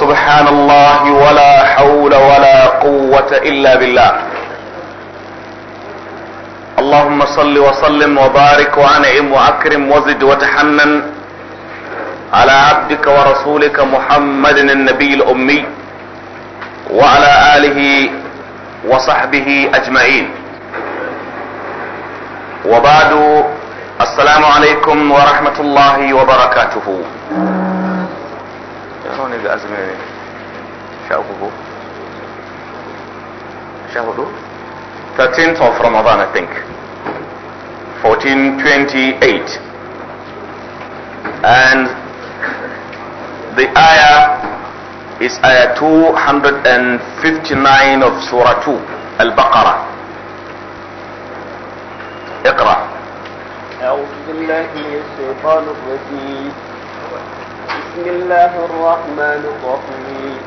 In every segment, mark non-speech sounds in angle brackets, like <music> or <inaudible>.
سبحان الله ولا حول ولا قوة الا بالله اللهم صل وسلم وبارك وانعم واكرم وزد وتحنن على عبدك ورسولك محمد النبي الامي وعلى اله وصحبه اجمعين وبعد السلام عليكم ورحمه الله وبركاته da azumi ne sha uku ko sha hudu 13th of Ramadan I think 1428 and the ayah is ayah 259 of surah 2 al-baqarah اقرأ أعوذ بالله من الشيطان الرجيم بسم الله الرحمن الرحيم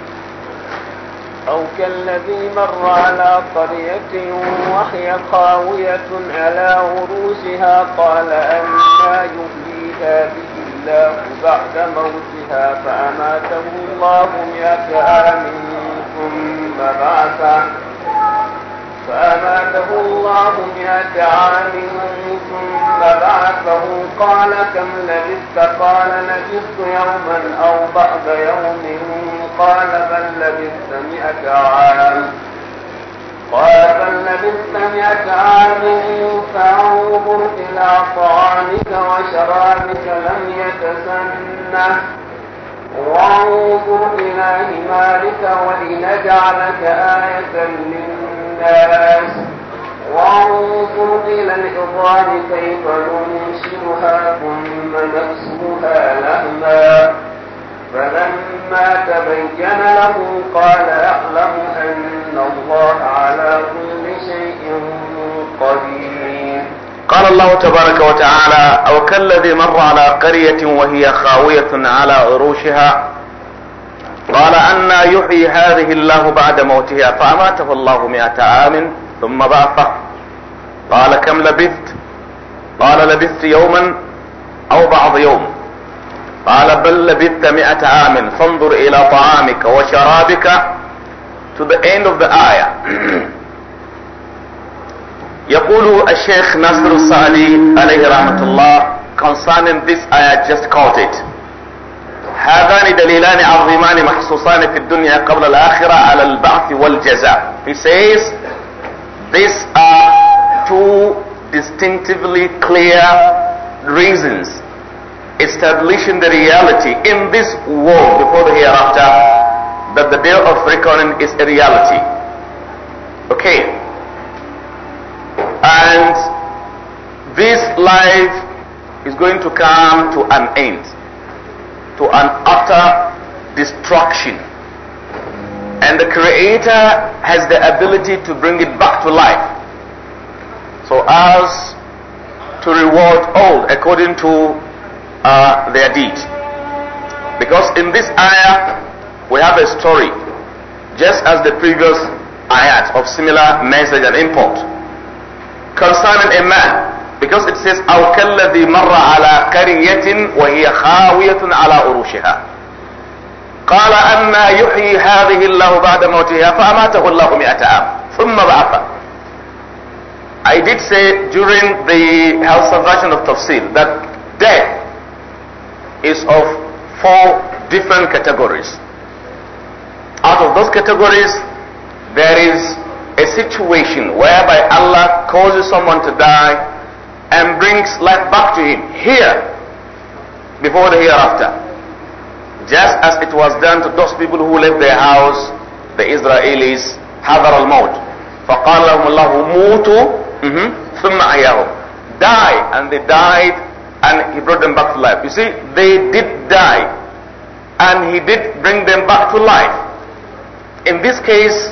أو كالذي مر على قرية وهي خاوية على عروشها قال أنا يحيي هذه الله بعد موتها فأماته الله مئة عام ثم بعثه فأماته الله مئة عام ثم بعثه قال كم لبثت قال لبثت يوما أو بعض يوم قال بل لبثت مئة عام قال بل لبثت مئة عام فانظر إلى طعامك وشرابك لم يتسنه وانظر إلى حمارك ولنجعلك آية للناس الناس وانظر إلى العظام كيف ننشرها ثم نكسوها لهما فلما تبين له قال أعلم أن الله على كل شيء قدير قال الله تبارك وتعالى أو كالذي مر على قرية وهي خاوية على عروشها قال أن يحيي هذه الله بعد موتها فأماته الله مئة عام ثم بعثه قال كم لبثت قال لبثت يوما أو بعض يوم قال بل لبثت مئة عام فانظر إلى طعامك وشرابك to the end of the ayah <clears throat> يقول الشيخ نصر الصالي عليه رحمة الله concerning this ayah just caught it هذان دليلان عظيمان محسوسان في الدنيا قبل الآخرة على البعث والجزاء. He says these are two distinctively clear reasons establishing the reality in this world before the hereafter that the day of reckoning is a reality. Okay. And this life is going to come to an end. to an utter destruction. And the Creator has the ability to bring it back to life. So as to reward all according to uh, their deeds. Because in this ayah, we have a story, just as the previous ayat of similar message and import, concerning a man because it says أو كالذي مر على قرية وهي خاوية على عروشها قال أما يحيي هذه الله بعد موتها فأماته الله مئة عام ثم بعثه I did say during the health version of Tafsir that death is of four different categories. Out of those categories, there is a situation whereby Allah causes someone to die and brings life back to him here before the hereafter. Just as it was done to those people who left their house, the Israelis, حذر الموت. فقال لهم الله موتوا mm-hmm. ثم أحياهم. Die and they died and he brought them back to life. You see, they did die and he did bring them back to life. In this case,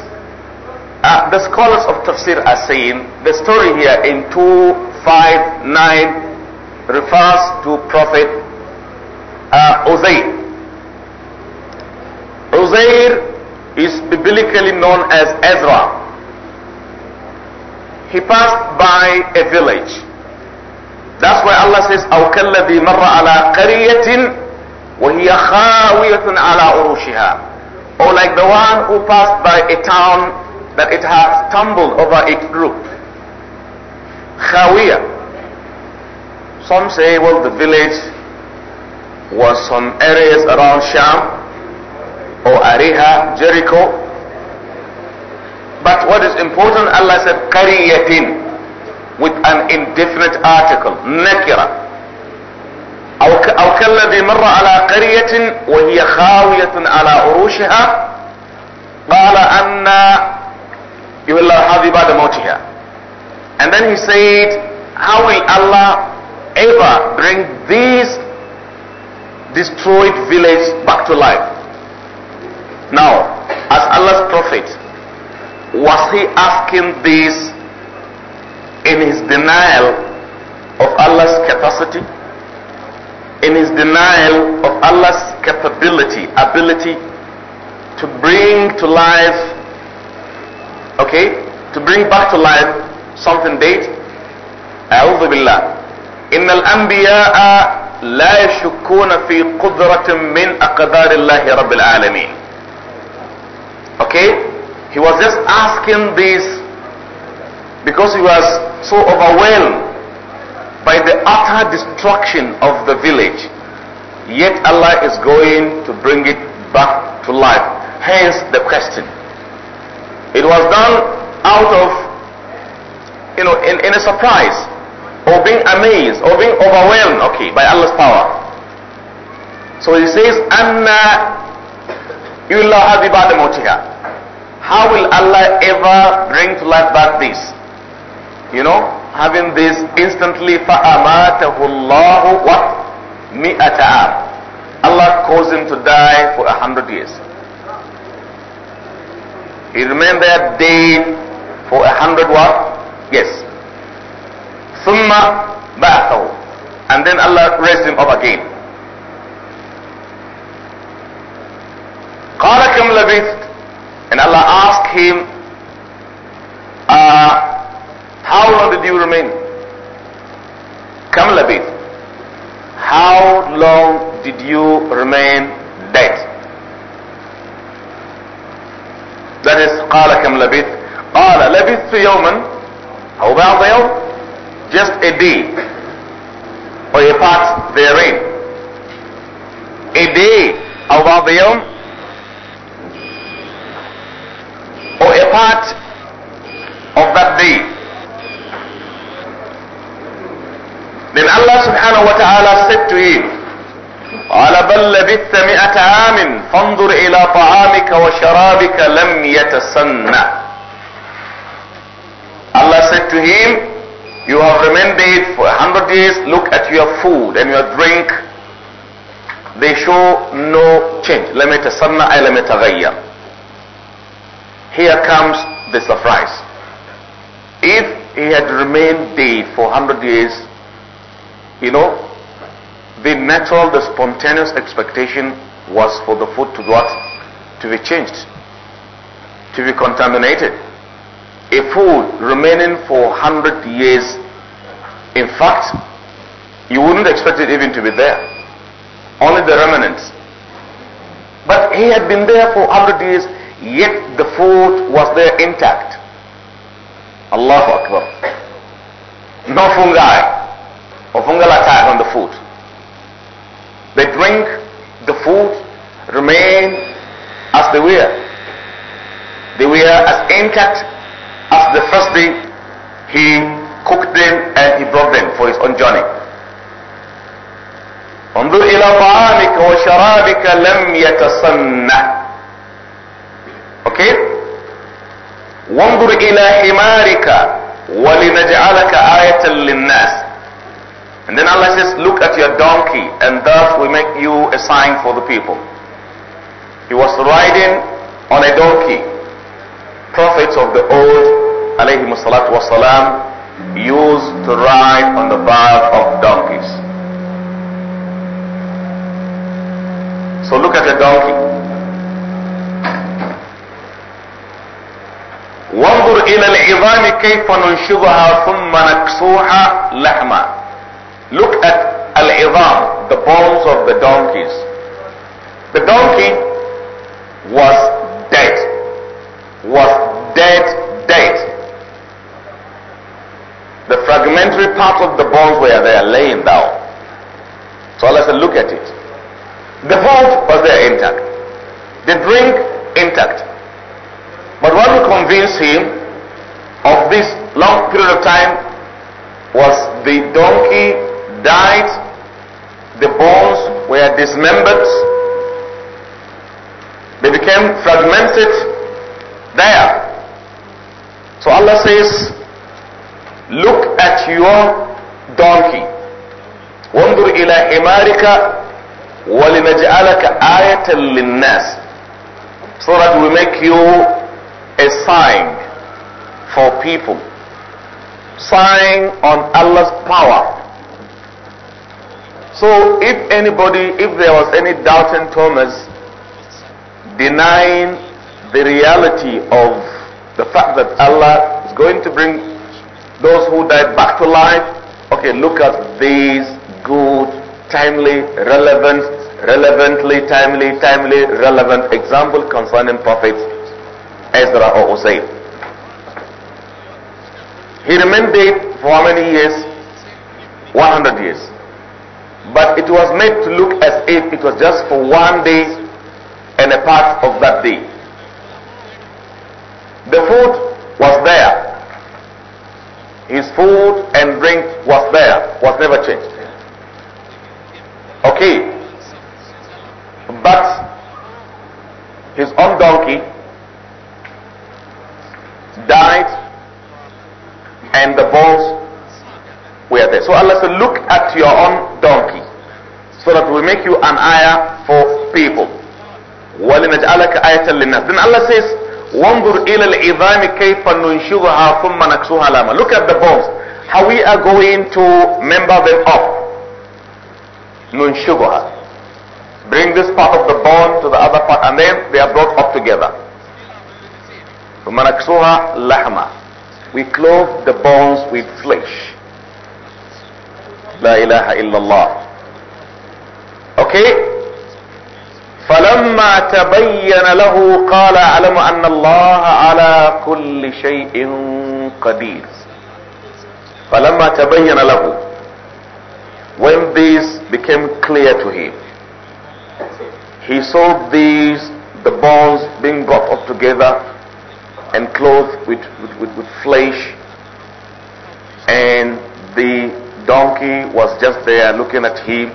uh, the scholars of tafsir are saying the story here in two 5 9 refers to Prophet uh, Uzair. Uzair is biblically known as Ezra. He passed by a village. That's why Allah says, أو كالذي مر على قرية وهي خاوية على عروشها. Or like the one who passed by a town that it has stumbled over its roof. خاوية Some say, well, the village was some areas around Sham or Ariha, Jericho. But what is important, Allah said, قريتين with an indefinite article, نكرة أو كالذي مر على قرية وهي خاوية على عروشها قال أن الله هذه بعد موتها And then he said, How will Allah ever bring this destroyed village back to life? Now, as Allah's prophet, was he asking this in his denial of Allah's capacity? In his denial of Allah's capability, ability to bring to life, okay, to bring back to life something date أعوذ بالله إن الأنبياء لا يشكون في قدرة من أقدار الله رب العالمين okay he was just asking this because he was so overwhelmed by the utter destruction of the village yet Allah is going to bring it back to life hence the question it was done out of you know, in, in a surprise or being amazed or being overwhelmed, okay, by Allah's power. So he says, Anna yulla ba'da mawtiha. How will Allah ever bring to life back this? You know, having this instantly, what? Allah caused him to die for a hundred years. He remained there dead for a hundred what? Yes. Summa ba'athahu. And then Allah raised him up again. Qala kam labist. And Allah asked him, uh, how long did you remain? Kam labist. How long did you remain dead? That is قال كم لبثت قال لبثت يوما أو بعض يوم just a day or a part therein a day أو بعض يوم or a part of that day then Allah subhanahu wa ta'ala said to him قال بل لبثت مئة عام فانظر إلى طعامك وشرابك لم يتسنى to him, you have remained dead for a hundred years, look at your food and your drink. They show no change. Here comes the surprise. If he had remained dead for 100 years, you know, the natural, the spontaneous expectation was for the food to what? To be changed, to be contaminated a food remaining for 100 years. In fact, you wouldn't expect it even to be there. Only the remnants. But he had been there for 100 years, yet the food was there intact. Allahu Akbar. No fungi or fungal attack on the food. They drink the food, remain as they were. They were as intact as the first day, he cooked them and he brought them for his own journey. انظر إلى طعامك وشرابك لم يتصنع. Okay? وانظر إلى حمارك ولنجعلك آية للناس. And then Allah says, look at your donkey and thus we make you a sign for the people. He was riding on a donkey prophets of the old, alayhi salatu wasalam, used to ride on the back of donkeys. So look at a donkey. وانظر إلى العظام كيف ثم نكسوها لحما. Look at العظام, the bones of the donkeys. The donkey was was dead, dead. The fragmentary parts of the bones were there laying down. So let's look at it. The vault was there intact. The drink intact. But what will convince him of this long period of time was the donkey died, the bones were dismembered, they became fragmented, there. So Allah says, look at your donkey. وانظر إلى حمارك ولنجعلك آية للناس so that we make you a sign for people sign on Allah's power so if anybody if there was any doubt in Thomas denying the reality of the fact that Allah is going to bring those who died back to life. Okay, look at these good, timely, relevant, relevantly, timely, timely, relevant example concerning prophets Ezra or Hosea. He remained dead for how many years? 100 years. But it was made to look as if it was just for one day and a part of that day. The food was there. His food and drink was there, was never changed. Okay. But his own donkey died and the balls were there. So Allah said, look at your own donkey so that we make you an ayah for people. وَلِنَجْعَلَكَ آيَةً لِلنَّاسِ Then Allah says, وانظر إلى العظام كيف ثم نكسوها لاما look at the bones how we are going to member them up ننشرها bring this part of the bone to the other part and then they are brought up together ثم نكسوها we clothe the bones with flesh لا إله إلا الله okay فلما تبين له قال اعلم ان الله على كل شيء قدير فلما تبين له when this became clear to him he saw these the bones being brought up together and clothed with, with, with, with flesh and the donkey was just there looking at him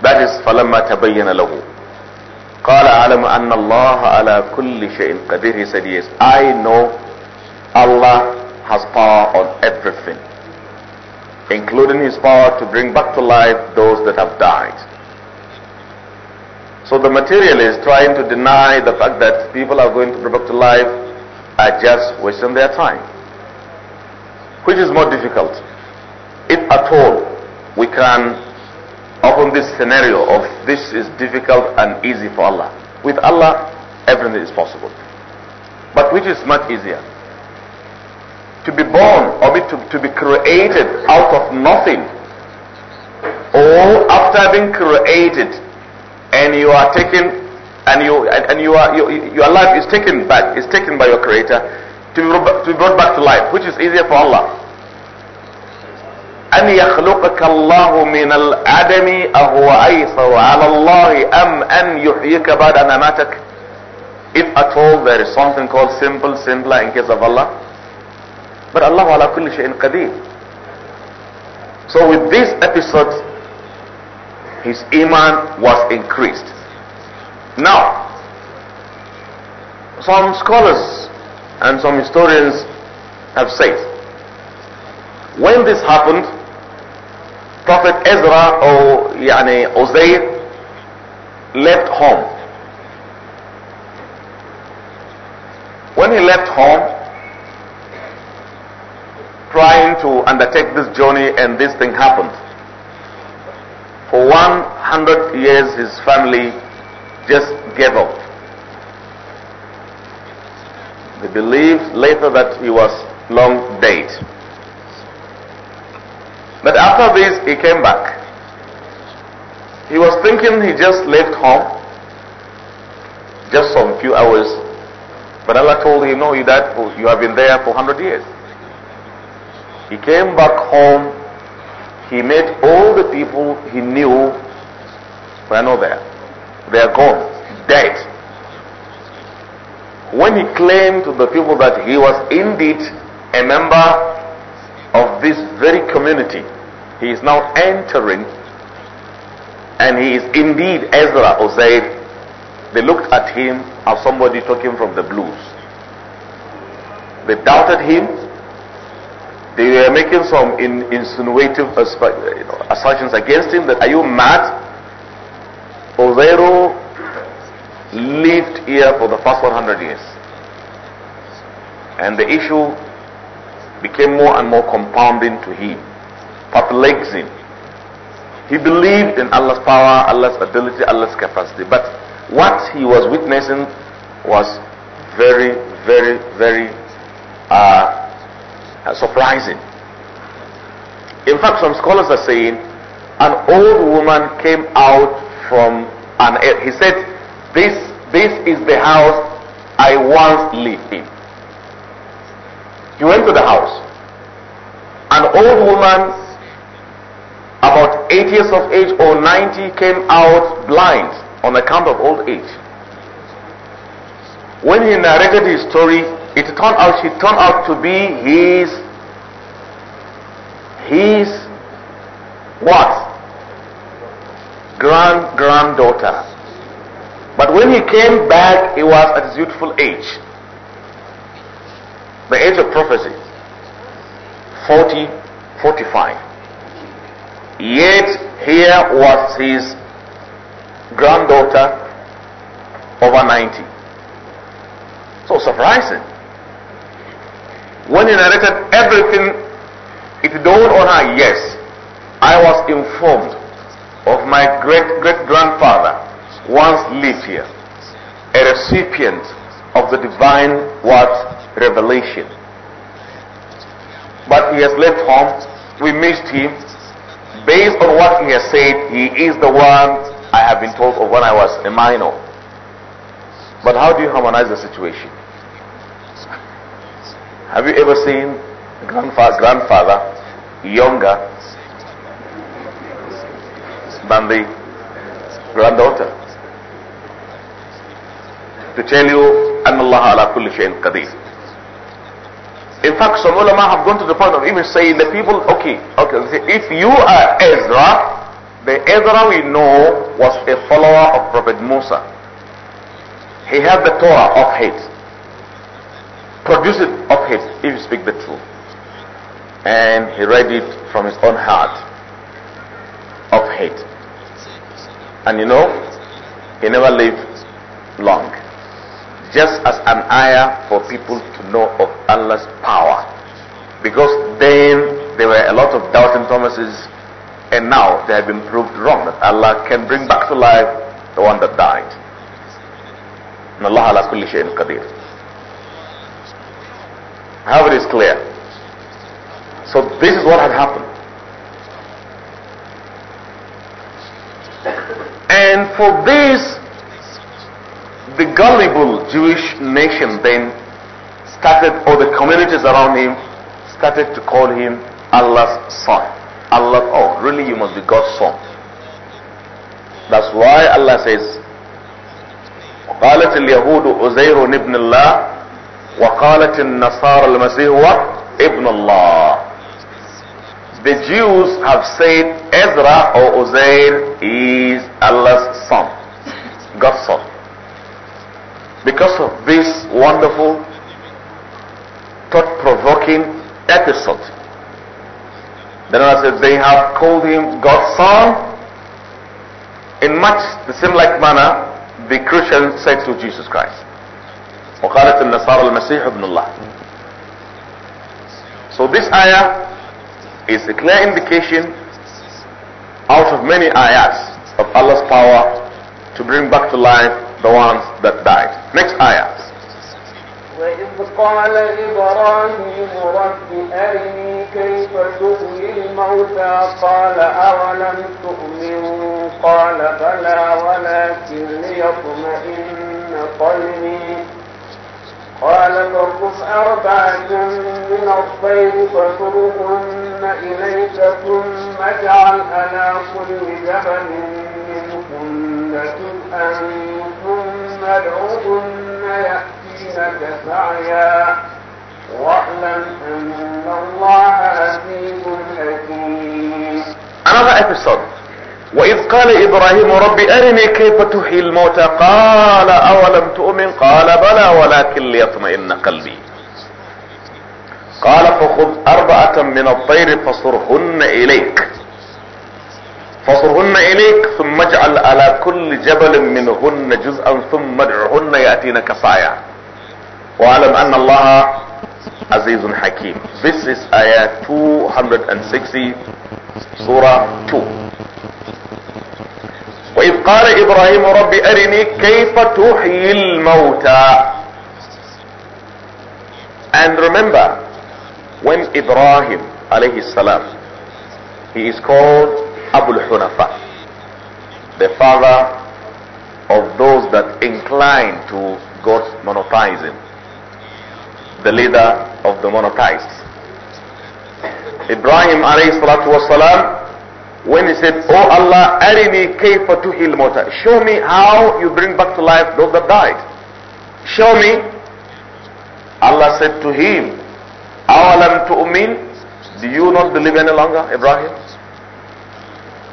that is فَلَمَّا تَبَيَّنَ لَهُ alam أَعْلَمُ أَنَّ اللَّهَ عَلَى كُلِّ شَيْءٍ قَدِيرٌ He said, yes, I know Allah has power on everything, including his power to bring back to life those that have died. So the materialist trying to deny the fact that people are going to bring back to life are just wasting their time. Which is more difficult? If at all we can upon this scenario of this is difficult and easy for Allah. With Allah, everything is possible. But which is much easier? To be born or be to, to be created out of nothing or after being created and you are taken and you and, and you are you, your life is taken back is taken by your creator to be, to be brought back to life which is easier for Allah أن يخلقك الله من العدم أهو أيسر على الله أم أن يحييك بعد أن أماتك if at all there is something called simple simpler in case of Allah but Allah على كل in قدير so with this episode his iman was increased now some scholars and some historians have said when this happened Prophet Ezra or يعني Uzair left home. When he left home, trying to undertake this journey and this thing happened. For 100 years his family just gave up. They believed later that he was long dead. But after this, he came back. He was thinking he just left home, just some few hours. But Allah told him, no, you, died for, you have been there for 100 years. He came back home. He met all the people he knew were not there. They are gone, dead. When he claimed to the people that he was indeed a member this very community. He is now entering and he is indeed Ezra or Zaid. They looked at him as somebody talking from the blues. They doubted him. They were making some in, insinuative assertions against him that are you mad? Ozero lived here for the first 100 years. And the issue became more and more compounding to him, perplexing. He believed in Allah's power, Allah's ability, Allah's capacity. But what he was witnessing was very, very, very uh, surprising. In fact, some scholars are saying an old woman came out from an. He said, "This, this is the house I once lived in." He went to the house. An old woman, about 80 years of age or 90, came out blind on account of old age. When he narrated his story, it turned out she turned out to be his his what? Grand granddaughter. But when he came back, he was at his youthful age. The age of prophecy, 40, 45. Yet here was his granddaughter over 90. So surprising. When he narrated everything, it dawned on her, yes, I was informed of my great great grandfather once lived here, a recipient of the divine word revelation. But he has left home. We missed him. Based on what he has said, he is the one I have been told of when I was a minor. But how do you harmonize the situation? Have you ever seen grandfather, grandfather younger than the granddaughter? To tell you, أن الله على كل شيء قدير in fact, some ulama have gone to the point of even saying the people, okay, okay, if you are Ezra, the Ezra we know was a follower of Prophet Musa. He had the Torah of hate, produced it of hate, if you speak the truth. And he read it from his own heart of hate. And you know, he never lived long just as an ayah for people to know of Allah's power. Because then there were a lot of doubting Thomases, and now they have been proved wrong that Allah can bring back to life the one that died. And Allah ala kulli shayin qadir. How it is clear. So this is what had happened. And for this, the gullible Jewish nation then started, or the communities around him started to call him Allah's son. Allah, oh, really, you must be God's son. That's why Allah says, قالت اليهود عزير ابن الله وقالت النصارى المسيح ابن الله the Jews have said Ezra or Uzair is Allah's son, God's son because of this wonderful thought-provoking episode then Allah says they have called him God's son in much the same like manner the Christian said to Jesus Christ so this ayah is a clear indication out of many ayahs, of Allah's power to bring back to life the ones that died. Next ayah. وإذ قال إبراهيم رب أرني كيف تحيي الموتى قال أولم تؤمن قال بلى ولكن ليطمئن قلبي قال فارقص أربعة من الطير فصرهن إليك ثم اجعل على كل جبل منهن جزءا يدعو ثم يأتينك سعيا واعلم أن الله عزيز حكيم أنا رأيت الصوت وإذ قال إبراهيم رب أرني كيف تحيي الموتى قال أولم تؤمن قال بلى ولكن ليطمئن قلبي قال فخذ أربعة من الطير فصرهن إليك فصرهن اليك ثم اجعل على كل جبل منهن جزءا ثم ادعهن ياتينك سعيا واعلم ان الله عزيز حكيم This is ayah 260 surah 2 وإذ قال إبراهيم رب أرني كيف تحيي الموتى And remember when Ibrahim عليه السلام he is called Abul Hunafa, the father of those that incline to God's monotheism, the leader of the monotheists. Ibrahim alayhi salatu wasalam, when he said, Oh Allah, arini kayfa tuhil mota. Show me how you bring back to life those that died. Show me. Allah said to him, Awalam tu'min. Do you not believe any longer, Ibrahim?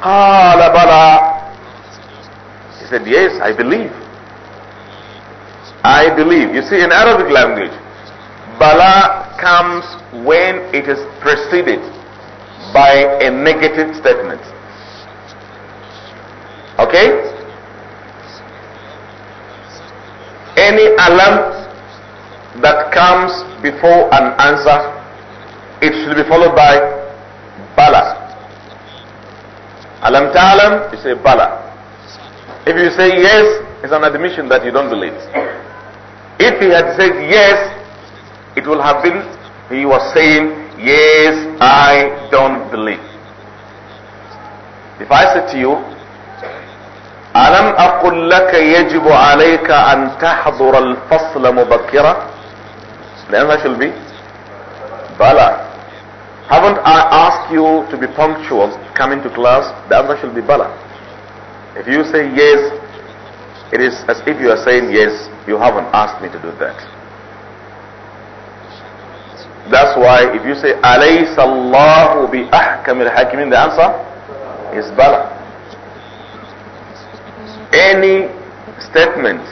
قال ah, bala. He said, yes, I believe. I believe. You see, in Arabic language, bala comes when it is preceded by a negative statement. Okay? Any alarm that comes before an answer, it should be followed by Alam ta'alam, you say bala. If you say yes, it's an admission that you don't believe. If he had said yes, it will have been he was saying, yes, I don't believe. If I say to you, ألم أقل لك يجب عليك أن تحضر الفصل مبكرا The be Bala haven't I asked you to be punctual coming to class? The answer should be Bala. If you say yes, it is as if you are saying yes, you haven't asked me to do that. That's why if you say Alayhi Allahu bi ahkamil hakimin, the answer is Bala. Any statement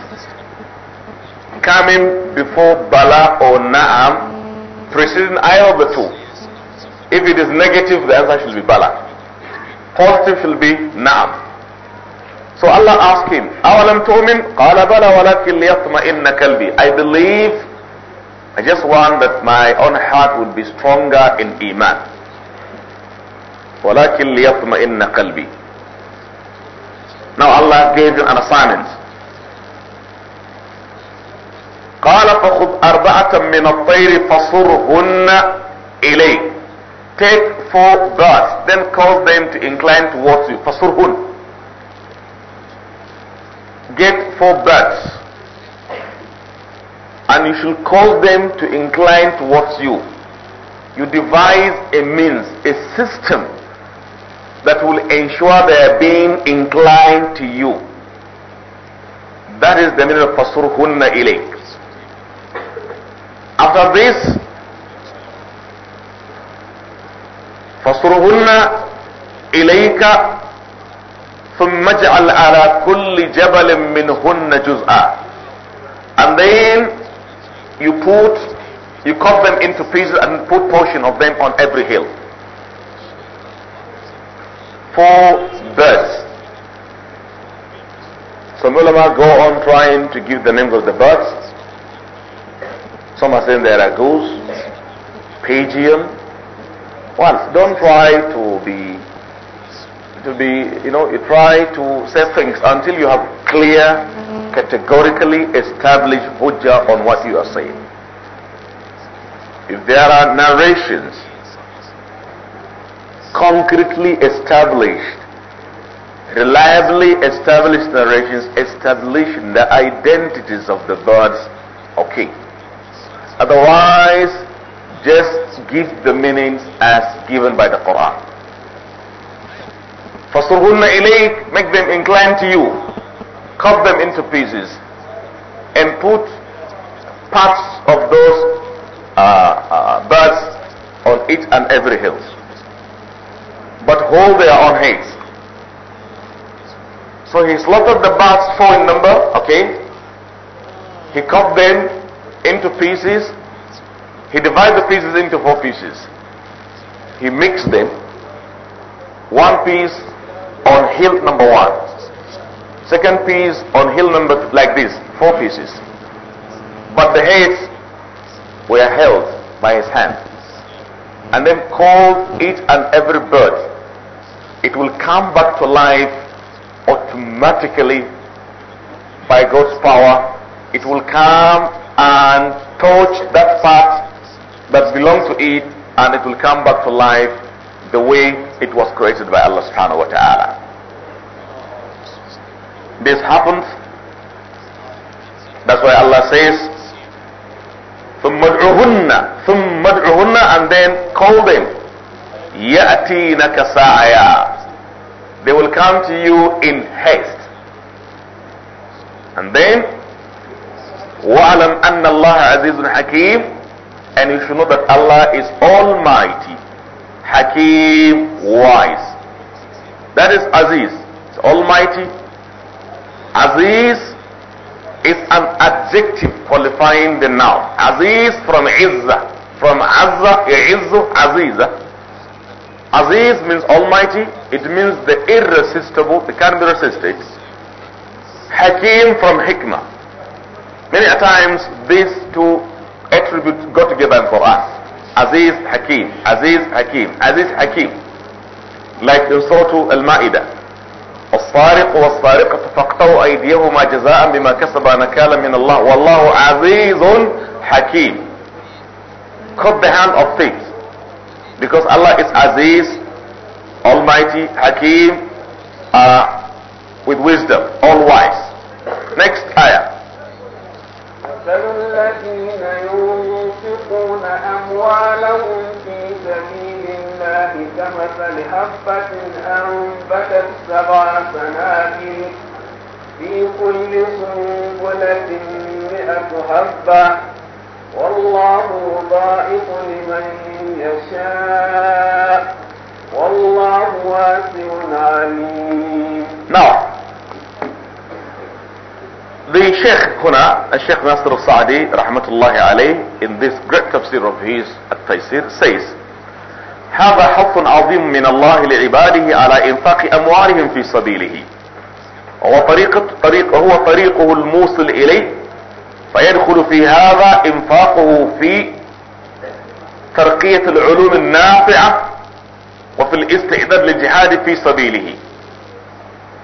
coming before Bala or Na'am preceding either of the two if it is negative, the answer should be bala. Positive should be na'am. So Allah asked him, أَوَلَمْ تُؤْمِنْ قَالَ بَلَى وَلَكِنْ لِيَطْمَئِنَّ قَلْبِي I believe, I just want that my own heart would be stronger in iman. وَلَكِنْ لِيَطْمَئِنَّ قَلْبِي Now Allah gave him an assignment. قال فخذ أربعة من الطير فصرهن إليه Take four birds, then cause them to incline towards you. Fasurhun. Get four birds, and you shall cause them to incline towards you. You devise a means, a system that will ensure their being inclined to you. That is the meaning of fasurhunna ilayk. After this, فاصرهن إليك ثم اجعل على كل جبل منهن جزءا and then you put you cut them into pieces and put portion of them on every hill four birds some ulama go on trying to give the names of the birds some are saying there are goose pigeon once, don't try to be, to be, you know, you try to say things until you have clear, mm-hmm. categorically established hujjah on what you are saying. If there are narrations concretely established, reliably established narrations establishing the identities of the birds, okay. Otherwise, just give the meanings as given by the Quran. فَصُرْهُنَّ إِلَيْكَ Make them incline to you. Cut them into pieces. And put parts of those uh, uh, birds on each and every hill. But hold their own heads. So he slaughtered the birds, four in number, okay? He cut them into pieces he divides the pieces into four pieces. He mixes them. One piece on hill number one. Second piece on hill number like this, four pieces. But the heads were held by his hand. And then called each and every bird. It will come back to life automatically by God's power. It will come and touch that part that belongs to it and it will come back to life the way it was created by Allah subhanahu wa ta'ala. This happens. That's why Allah says, ثم ادعوهن and then call them يأتينك سعيا they will come to you in haste and then وَعَلَمْ أَنَّ اللَّهَ عَزِيزٌ حَكِيمٌ and you should know that Allah is almighty, Hakim, wise. That is Aziz. It's almighty. Aziz is an adjective qualifying the noun. Aziz from Izzah. From Azza, Izzu, Aziz. Aziz means almighty. It means the irresistible. It can't be resisted. Hakim from Hikmah. Many a times these two attributes go together for us. Aziz Hakim, Aziz Hakim, Aziz Hakim. Like in Surah Al-Ma'idah. الصارق والصارقة فاقطعوا أيديهما جزاء بما كسبا نكالا من الله والله عزيز حكيم cut the hand of things because Allah is Aziz Almighty Hakim uh, with wisdom all wise next ayah مثل الذين ينفقون أموالهم في سبيل الله كمثل حبة أنبتت سبع سنابل في كل سنبلة مئة حبة والله ضائق لمن يشاء والله واسع عليم نعم The Sheikh Huna, Sheikh Nasr al-Sa'di, rahmatullahi alayh, in this great tafsir of his At-Taysir, says, هذا حظ عظيم من الله لعباده على إنفاق أموالهم في سبيله وطريقة طريق هو طريقه الموصل إليه فيدخل في هذا إنفاقه في ترقية العلوم النافعة وفي الاستعداد للجهاد في سبيله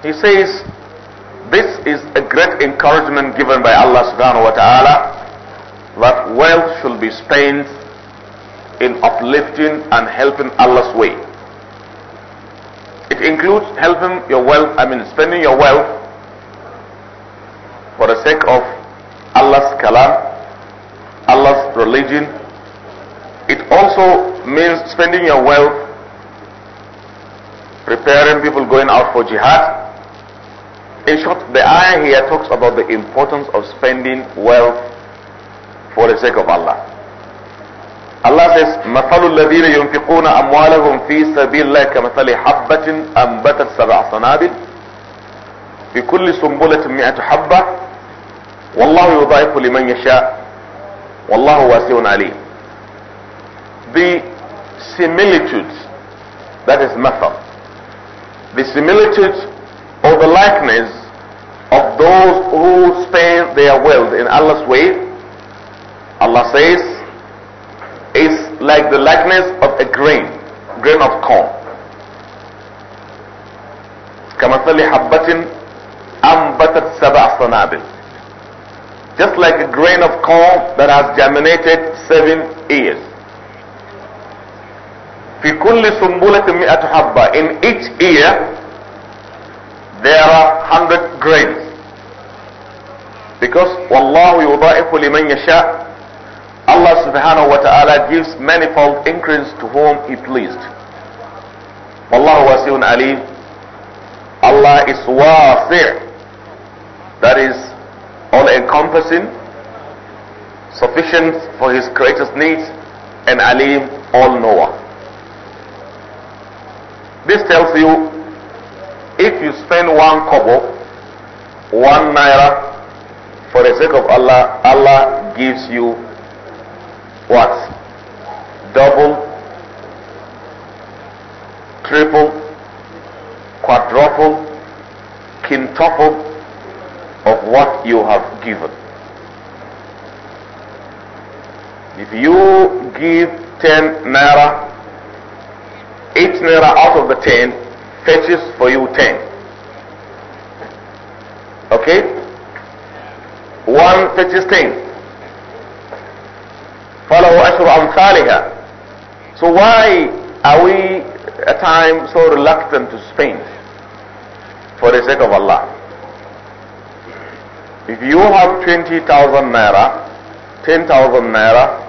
He says This is a great encouragement given by Allah subhanahu wa ta'ala that wealth should be spent in uplifting and helping Allah's way. It includes helping your wealth, I mean spending your wealth for the sake of Allah's kalam, Allah's religion. It also means spending your wealth preparing people going out for jihad in short, the ayah here talks about the importance of spending wealth for the sake of Allah. Allah says, مثل الذين ينفقون أموالهم في سبيل الله كمثل حبة أنبتت سبع صنابل في كل سنبلة مئة حبة والله يضاعف لمن يشاء والله واسع عليم. The similitudes, that is مثل, the similitudes the likeness of those who spend their wealth in Allah's way. Allah says, is like the likeness of a grain, grain of corn. just like a grain of corn that has germinated seven ears. in each ear there are hundred grains. Because Wallahu yudha'ifu liman yasha. Allah subhanahu wa ta'ala gives manifold increase to whom He pleased. Wallahu wasi'un alim. Allah is wasi' that is all encompassing, sufficient for His creator's needs, and alim all knower. This tells you if you spend one kobo, one naira, for the sake of Allah, Allah gives you what? Double, triple, quadruple, quintuple of what you have given. If you give 10 naira, 8 naira out of the 10 fetches for you 10. Okay? 1 fetches 10. Follow Ashur Amthaliha. So why are we at times so reluctant to spend for the sake of Allah? If you have 20,000 naira, 10,000 naira,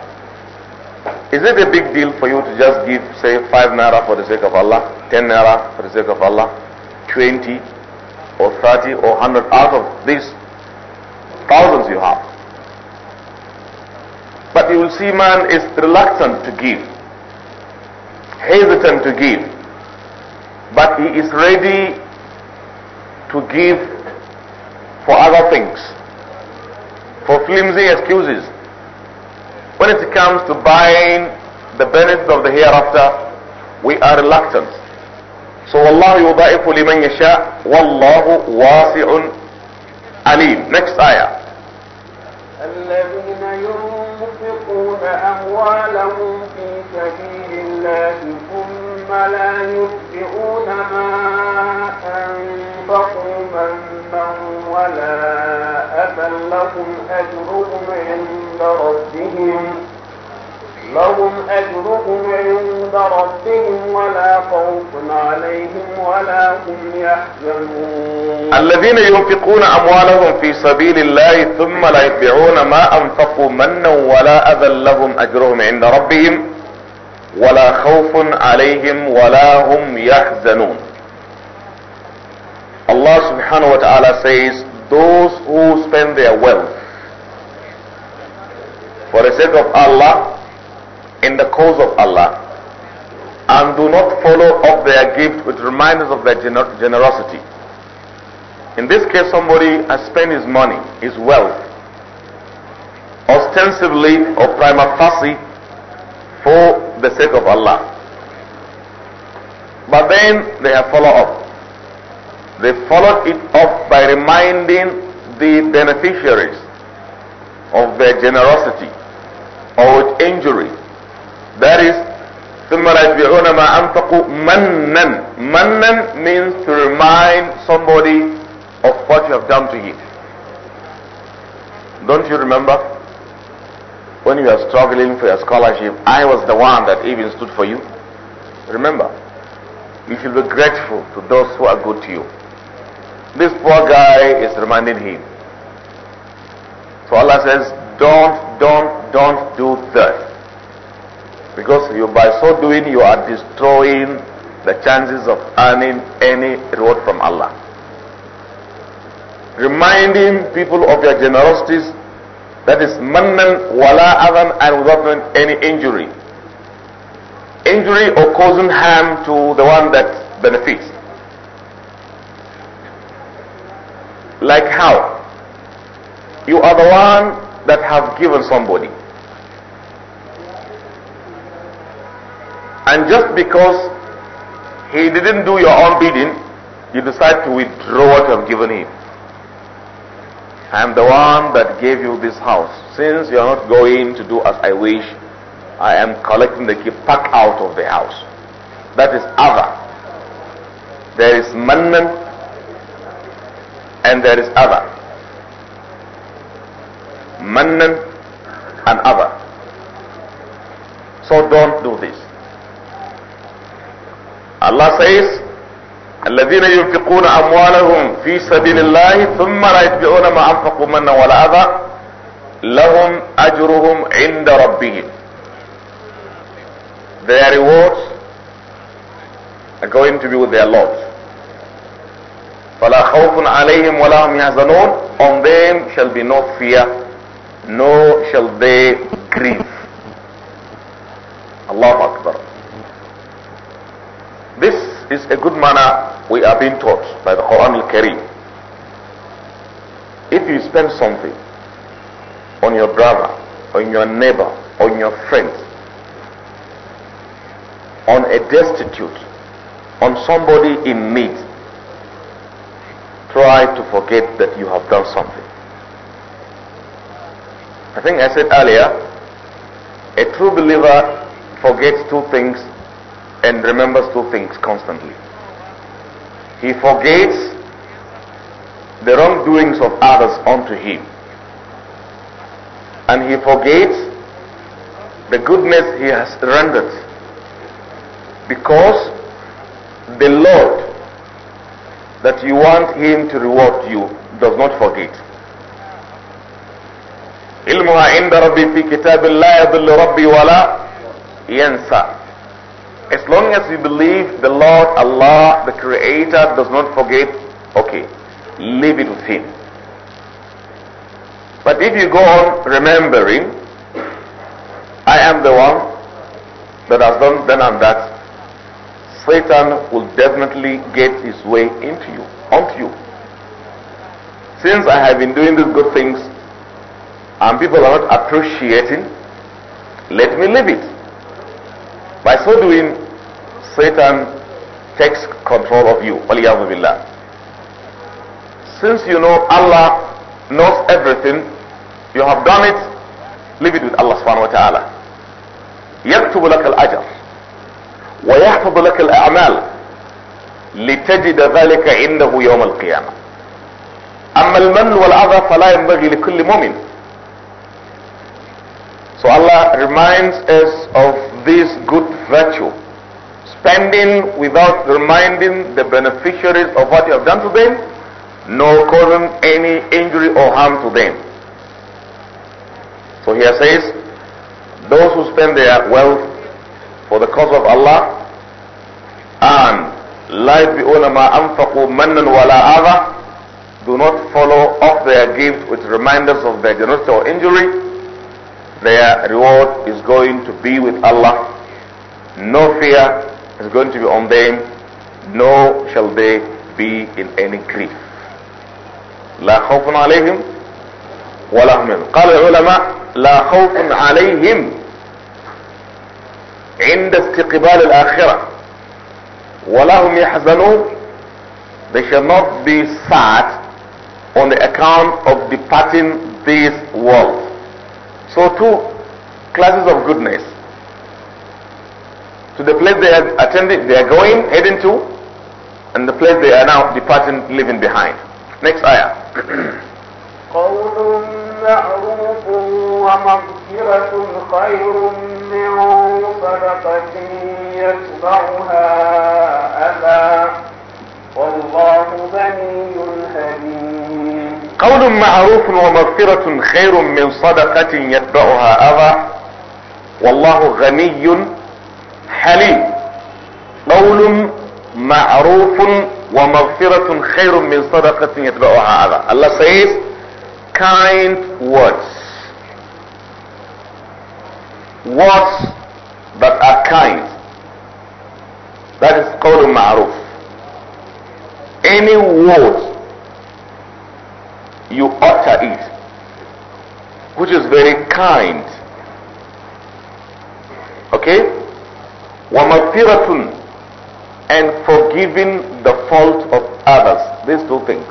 is it a big deal for you to just give, say, 5 naira for the sake of Allah, 10 naira for the sake of Allah, 20 or 30 or 100 out of these thousands you have? But you will see man is reluctant to give, hesitant to give, but he is ready to give for other things, for flimsy excuses when it comes to buying the benefits of the hereafter, we are reluctant. So Allah يضاعف لمن يشاء والله واسع عليم. Next ayah. الذين ينفقون أموالهم في سبيل الله ثم لا يتبعون ما أنفقوا منا ولا لهم أجرهم عند ربهم لهم أجرهم عند ربهم ولا خوف عليهم ولا هم يحزنون الذين ينفقون أموالهم في سبيل الله ثم لا يتبعون ما أنفقوا منا ولا أذى لهم أجرهم عند ربهم ولا خوف عليهم ولا هم يحزنون الله سبحانه وتعالى says those who spend their wealth for the sake of Allah, in the cause of Allah, and do not follow up their gift with reminders of their gener generosity. In this case, somebody has spent his money, his wealth, ostensibly or prima facie for the sake of Allah. But then they have follow up they followed it up by reminding the beneficiaries of their generosity or with injury. That is, ثم يتبعون means to remind somebody of what you have done to him. Don't you remember? When you were struggling for your scholarship, I was the one that even stood for you. Remember, you should be grateful to those who are good to you. This poor guy is reminding him. So Allah says, don't, don't, don't do that. Because you, by so doing, you are destroying the chances of earning any reward from Allah. Reminding people of your generosities, that is mannan wala adhan and without doing any injury. Injury or causing harm to the one that benefits. Like how? You are the one that have given somebody. And just because he didn't do your own bidding, you decide to withdraw what you have given him. I am the one that gave you this house. Since you are not going to do as I wish, I am collecting the key pack out of the house. That is other. There is mannan and there is other. Mannan and other. So don't do this. Allah says, الذين ينفقون أموالهم في سبيل الله ثم لا يتبعون ما أنفقوا منا ولا أذى لهم أجرهم عند ربهم Their rewards are going to be with their Lord. فَلَا خَوْفٌ عَلَيْهِمْ وَلَا هُمْ يَحْزَنُونَ On them shall be no fear, nor shall they grieve. Allah أَكْبَر. This is a good manner we are being taught by the Quran al-Karim. If you spend something on your brother, on your neighbor, on your friend, on a destitute, on somebody in need, try to forget that you have done something. I think I said earlier, a true believer forgets two things and remembers two things constantly. He forgets the wrongdoings of others unto him. And he forgets the goodness he has rendered. Because the Lord that you want him to reward you does not forget. علمها عند Rabbi fi كتاب لا يضل ربي ولا As long as you believe the Lord Allah, the Creator, does not forget, okay, leave it with Him. But if you go on remembering, I am the one that has done then and that, Satan will definitely get his way into you, onto you. Since I have been doing these good things and people are not appreciating, let me leave it. By so doing, Satan takes control of you. Since you know Allah knows everything, you have done it, leave it with Allah subhanahu wa ta'ala. يكتب لك الأجر ويحفظ لك الاعمال لتجد ذلك عنده يوم القيامة اما المن والاذى فلا ينبغي لكل مؤمن So Allah reminds us of this good virtue. Spending without reminding the beneficiaries of what you have done to them, nor causing any injury or harm to them. So here says, those who spend their wealth for the cause of Allah and لا يتبعون ما amfakum منا ولا أذى do not follow up their gift with reminders of their generosity or injury their reward is going to be with Allah no fear is going to be on them nor shall they be in any grief لا خوف عليهم ولا هم قال العلماء لا خوف عليهم عند استقبال الآخرة وَلَهُمْ يَحْزَنُونَ They shall not be sad on the account of departing this world. So two classes of goodness. To the place they are attending, they are going, heading to, and the place they are now departing, leaving behind. Next ayah. <clears throat> معروف ومغفرة خير من صدقة يتبعها أذى والله غني حليم قول معروف ومغفرة خير من صدقة يتبعها أذى والله غني حليم قول معروف ومغفرة خير من صدقة يتبعها أذى الله سيد kind words. Words that are kind. That is called ma'ruf. Any word you utter it, which is very kind. Okay? وَمَغْفِرَةٌ and forgiving the fault of others. These two things.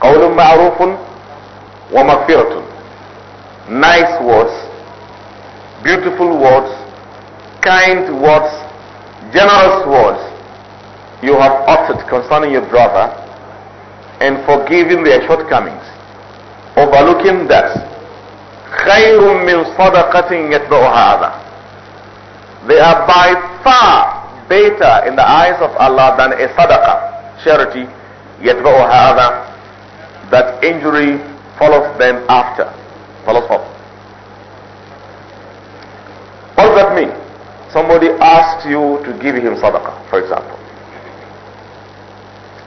قَوْلٌ مَعْرُوفٌ وَمَغْفِرَةٌ Nice words, beautiful words, kind words, generous words you have uttered concerning your brother and forgiving their shortcomings, overlooking that. خَيْرٌ مِّن صَدَقَةٍ يَتْبَعُهَا أَذًى They are by far better in the eyes of Allah than a sadaqah, charity, يَتْبَعُهَا أَذًى that injury follows them after. Follows up. What does that mean? Somebody asks you to give him sadaqah, for example.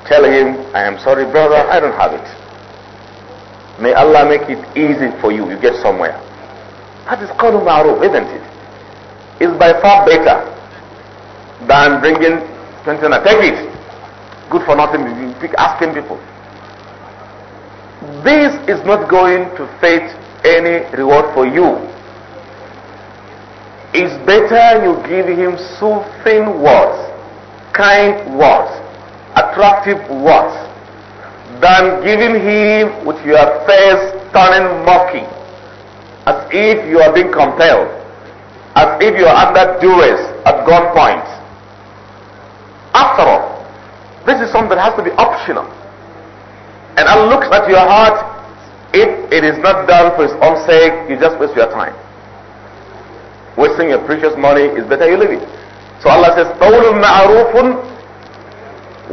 Tell him, I am sorry, brother, I don't have it. May Allah make it easy for you. You get somewhere. That is called ma'ruf, isn't it? It's by far better than bringing 20 and take it. Good for nothing. asking people. This is not going to fetch any reward for you. It's better you give him soothing words, kind words, attractive words, than giving him with your face turning mocking, as if you are being compelled, as if you are under duress at gunpoint. After all, this is something that has to be optional. And Allah looks at your heart. If it is not done for His own sake, you just waste your time. Wasting your precious money is better you leave it. So Allah says, قول معروف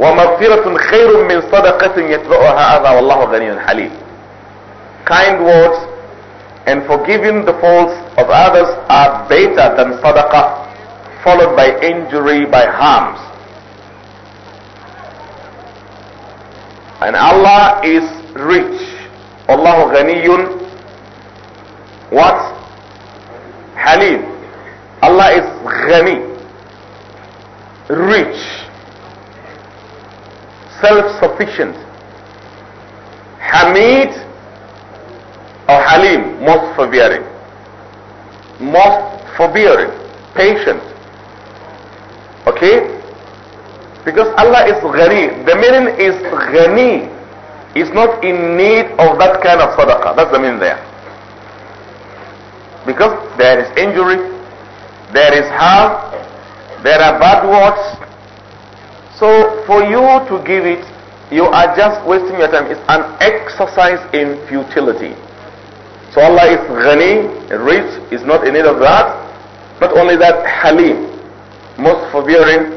ومغفرة خير من صدقة يتبعها أذى والله غني halim." Kind words and forgiving the faults of others are better than sadaqah followed by injury, by harms. And Allah is rich. Allahu ghaniyun. What? Halim. Allah is ghani. Rich. Self-sufficient. Hamid or Halim. Most forbearing. Most forbearing. Patient. Okay? Because Allah is Ghani. The meaning is Ghani. Is not in need of that kind of sadaqah. That's the meaning there. Because there is injury, there is harm, there are bad words. So for you to give it, you are just wasting your time. It's an exercise in futility. So Allah is Ghani, rich, is not in need of that. Not only that, Halim, most forbearing,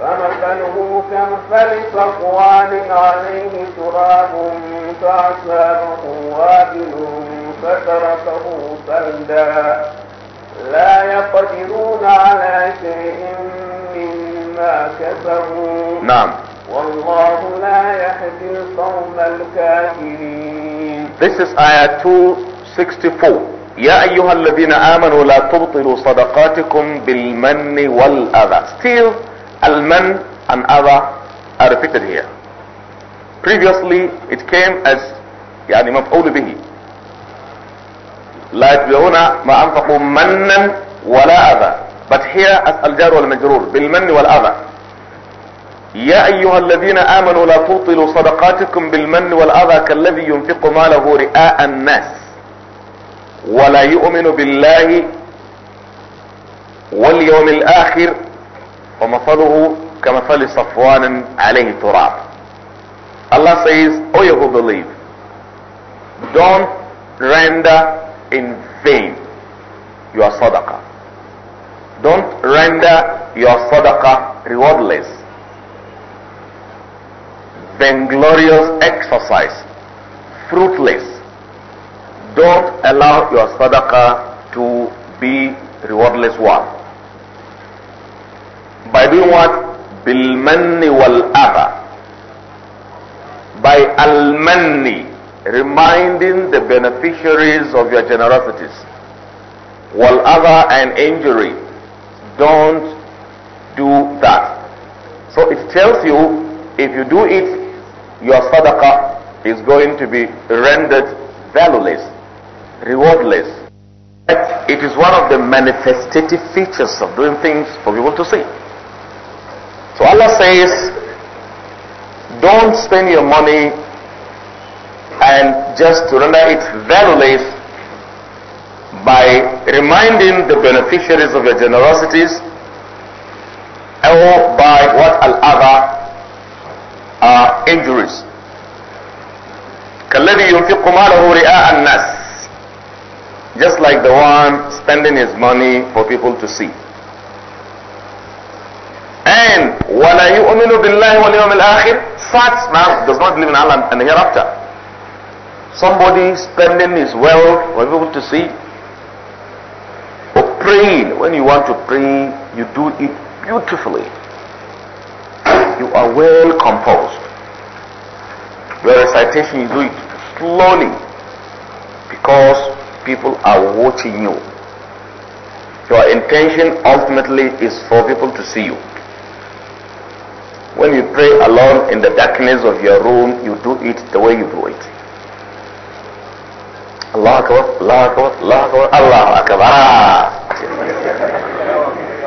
فمثله كمثل صفوان عليه تراب فأصابه وابل فتركه فلدا لا يقدرون على شيء مما كسبوا نعم والله لا يهدي القوم الكافرين This is ayah 264 يا أيها الذين آمنوا لا تبطلوا صدقاتكم بالمن والأذى Still المن and other are repeated here. Previously, it came as يعني مفعول به لا يتبعون ما أنفقوا منا ولا أذى but here as الجار والمجرور بالمن والأذى يا أيها الذين آمنوا لا تبطلوا صدقاتكم بالمن والأذى كالذي ينفق ماله رئاء الناس ولا يؤمن بالله واليوم الآخر ومثله كمثل صفوان عليه تراب Allah says, O you who believe, don't render in vain your sadaqah. Don't render your sadaqah rewardless. Vainglorious exercise, fruitless. Don't allow your sadaqah to be rewardless one. By doing what? Bilmanni wal adha. By almanni, reminding the beneficiaries of your generosities. Wal adha and injury. Don't do that. So it tells you if you do it, your sadaqah is going to be rendered valueless, rewardless. But it is one of the manifestative features of doing things for people to see. So Allah says, don't spend your money and just render it valueless by reminding the beneficiaries of your generosities or by what other are uh, injuries. just like the one spending his money for people to see. And وَلَا يُؤْمِنُ بِاللَّهِ وَالْيَوْمِ الْآخِرِ Such man does not believe in Allah and the hereafter. Somebody spending his wealth for people to see. Or praying. When you want to pray, you do it beautifully. You are well composed. Your recitation, you do it slowly. Because people are watching you. Your intention ultimately is for people to see you. When you pray alone in the darkness of your room, you do it the way you do it. Allah Akbar, Allah Akbar, Allah Akbar, Allah Akbar. Ah.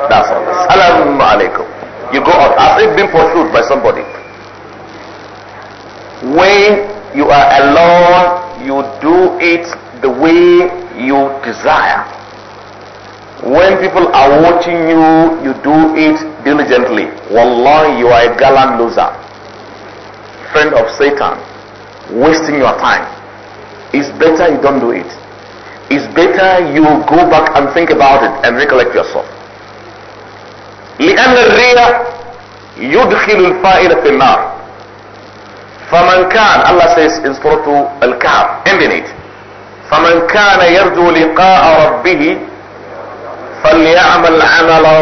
That's all. Salaam alaikum. You go out as if being pursued by somebody. When you are alone, you do it the way you desire. When people are watching you, you do it diligently. Wallahi, you are a gallant loser. Friend of Satan, wasting your time. It's better you don't do it. It's better you go back and think about it and recollect yourself. لأن الرياء يدخل الْفَائِدَةَ في النار فمن كان الله says in Surah Al-Kahf ending it فمن كان يرجو لقاء ربه فليعمل عملا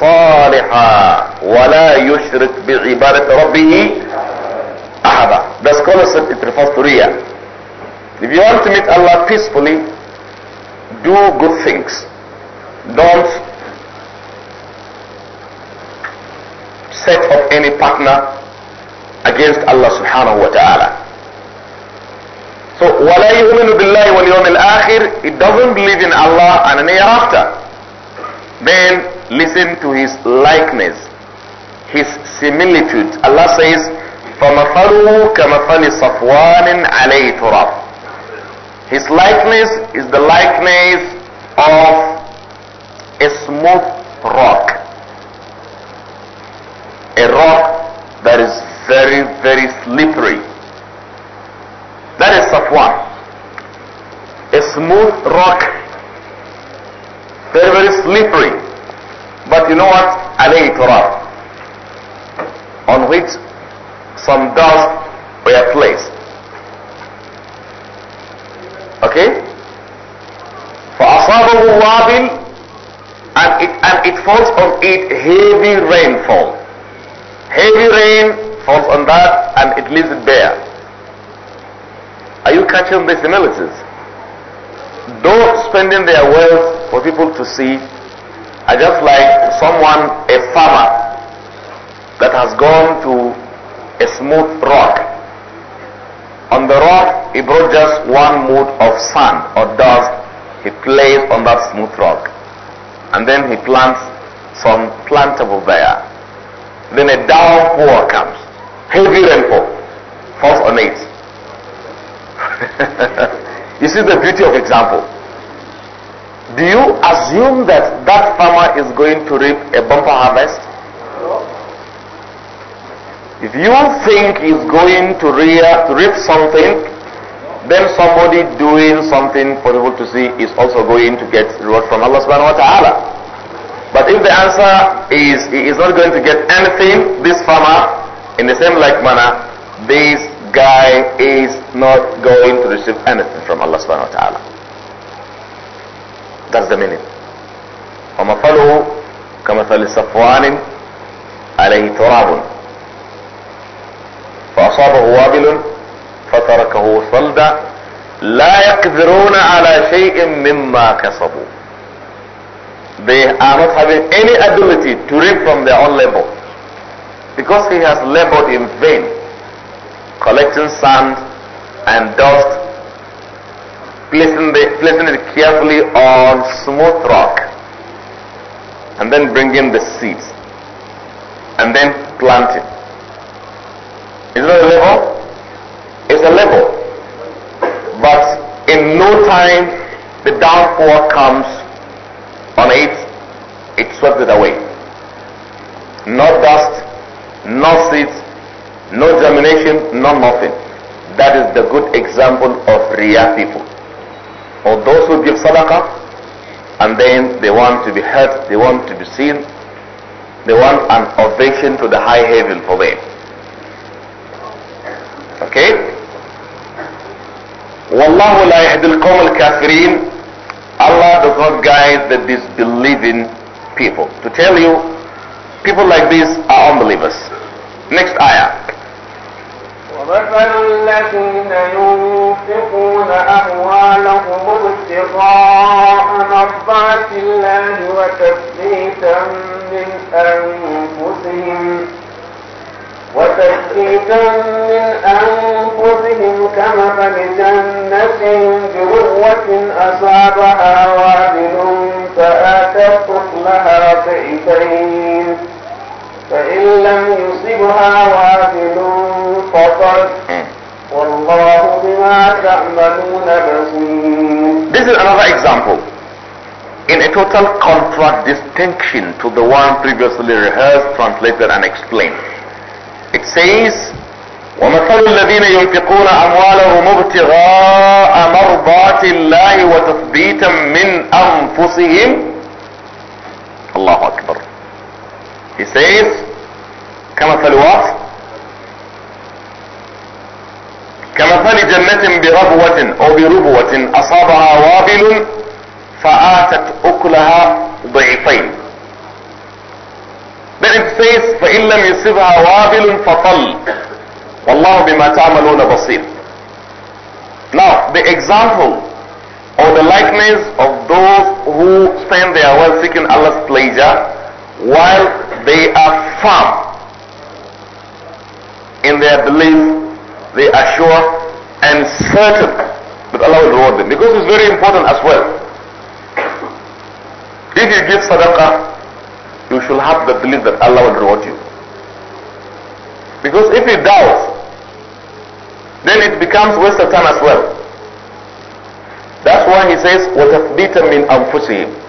صالحا ولا يشرك بعبادة ربه أحدا The كل said it refers to Riyah. If you want to meet Allah peacefully, do good things. Don't set up any partner against Allah subhanahu wa ta'ala. So وَلَا يُؤْمِنُ بِاللَّهِ وَالْيَوْمِ الْآخِرِ He doesn't believe in Allah and an after, Then listen to his likeness, his similitude. Allah says, فَمَثَلُهُ كَمَثَلِ صَفْوَانٍ عَلَيْهِ تُرَابٍ His likeness is the likeness of a smooth rock. A rock that is very, very slippery. That is Safwan. A smooth rock. Very, very slippery. But you know what? Alayhi Torah. On which some dust were placed. Okay? فأصابه وابل and it, and it falls on it heavy rainfall. Heavy rain falls on that and it leaves it bare. Are you catching these analysis? Those spending their wealth for people to see are just like someone, a farmer, that has gone to a smooth rock. On the rock, he brought just one mote of sand or dust. He placed on that smooth rock. And then he plants some plantable there. Then a downpour comes. Heavy rainfall falls on it <laughs> you see the beauty of example. Do you assume that that farmer is going to reap a bumper harvest? If you think he's going to reap something, then somebody doing something for people to see is also going to get reward from Allah subhanahu wa ta'ala. But if the answer is he is not going to get anything, this farmer, in the same like manner, this guy is not going to receive anything from Allah subhanahu wa ta'ala. That's the meaning. ومثله كمثل صفوان عليه تراب فأصابه وابل فتركه صلدا لا يقدرون على شيء مما كسبوا They are not having any ability to reap from their own labor because he has labored in vain collecting sand and dust, placing, the, placing it carefully on smooth rock, and then bringing the seeds, and then planting. Is it a level? It's a level. But in no time, the downpour comes on it, it swept it away. No dust, no seeds, no germination, no nothing. That is the good example of Riyah people. Or those who give sadaqah and then they want to be heard, they want to be seen, they want an ovation to the high heaven for them. Okay? والله لا يهدي al الكافرين Allah does not guide the disbelieving people. To tell you, people like these are unbelievers. Next ayah. ومثل الذين ينفقون أموالهم ابتغاء مرضات الله وتثبيتا من أنفسهم وتثبيتا من أنفسهم كمثل جنة بروة أصابها وابل فآتت أكلها ضعفين فإن لم يصبها وابل فقط والله بما تعملون بصير This is another example in a total contradistinction to the one previously rehearsed, translated and explained. It says ومثل الذين ينفقون اموالهم ابتغاء مرضات الله وتثبيتا من انفسهم الله اكبر He says, كمثل what? كمثل جنة بربوة أو بربوة أصابها وابل فآتت أكلها ضعفين. Then it says, فإن لم يصبها وابل فطل والله بما تعملون بصير. Now, the example or the likeness of those who spend their wealth seeking Allah's pleasure while they are firm in their belief, they are sure and certain that Allah will reward them. Because it's very important as well. If you give sadaqah, you should have the belief that Allah will reward you. Because if you doubt, then it becomes waste of time as well. That's why he says, وَتَثْبِيتًا مِنْ أَنفُسِهِمْ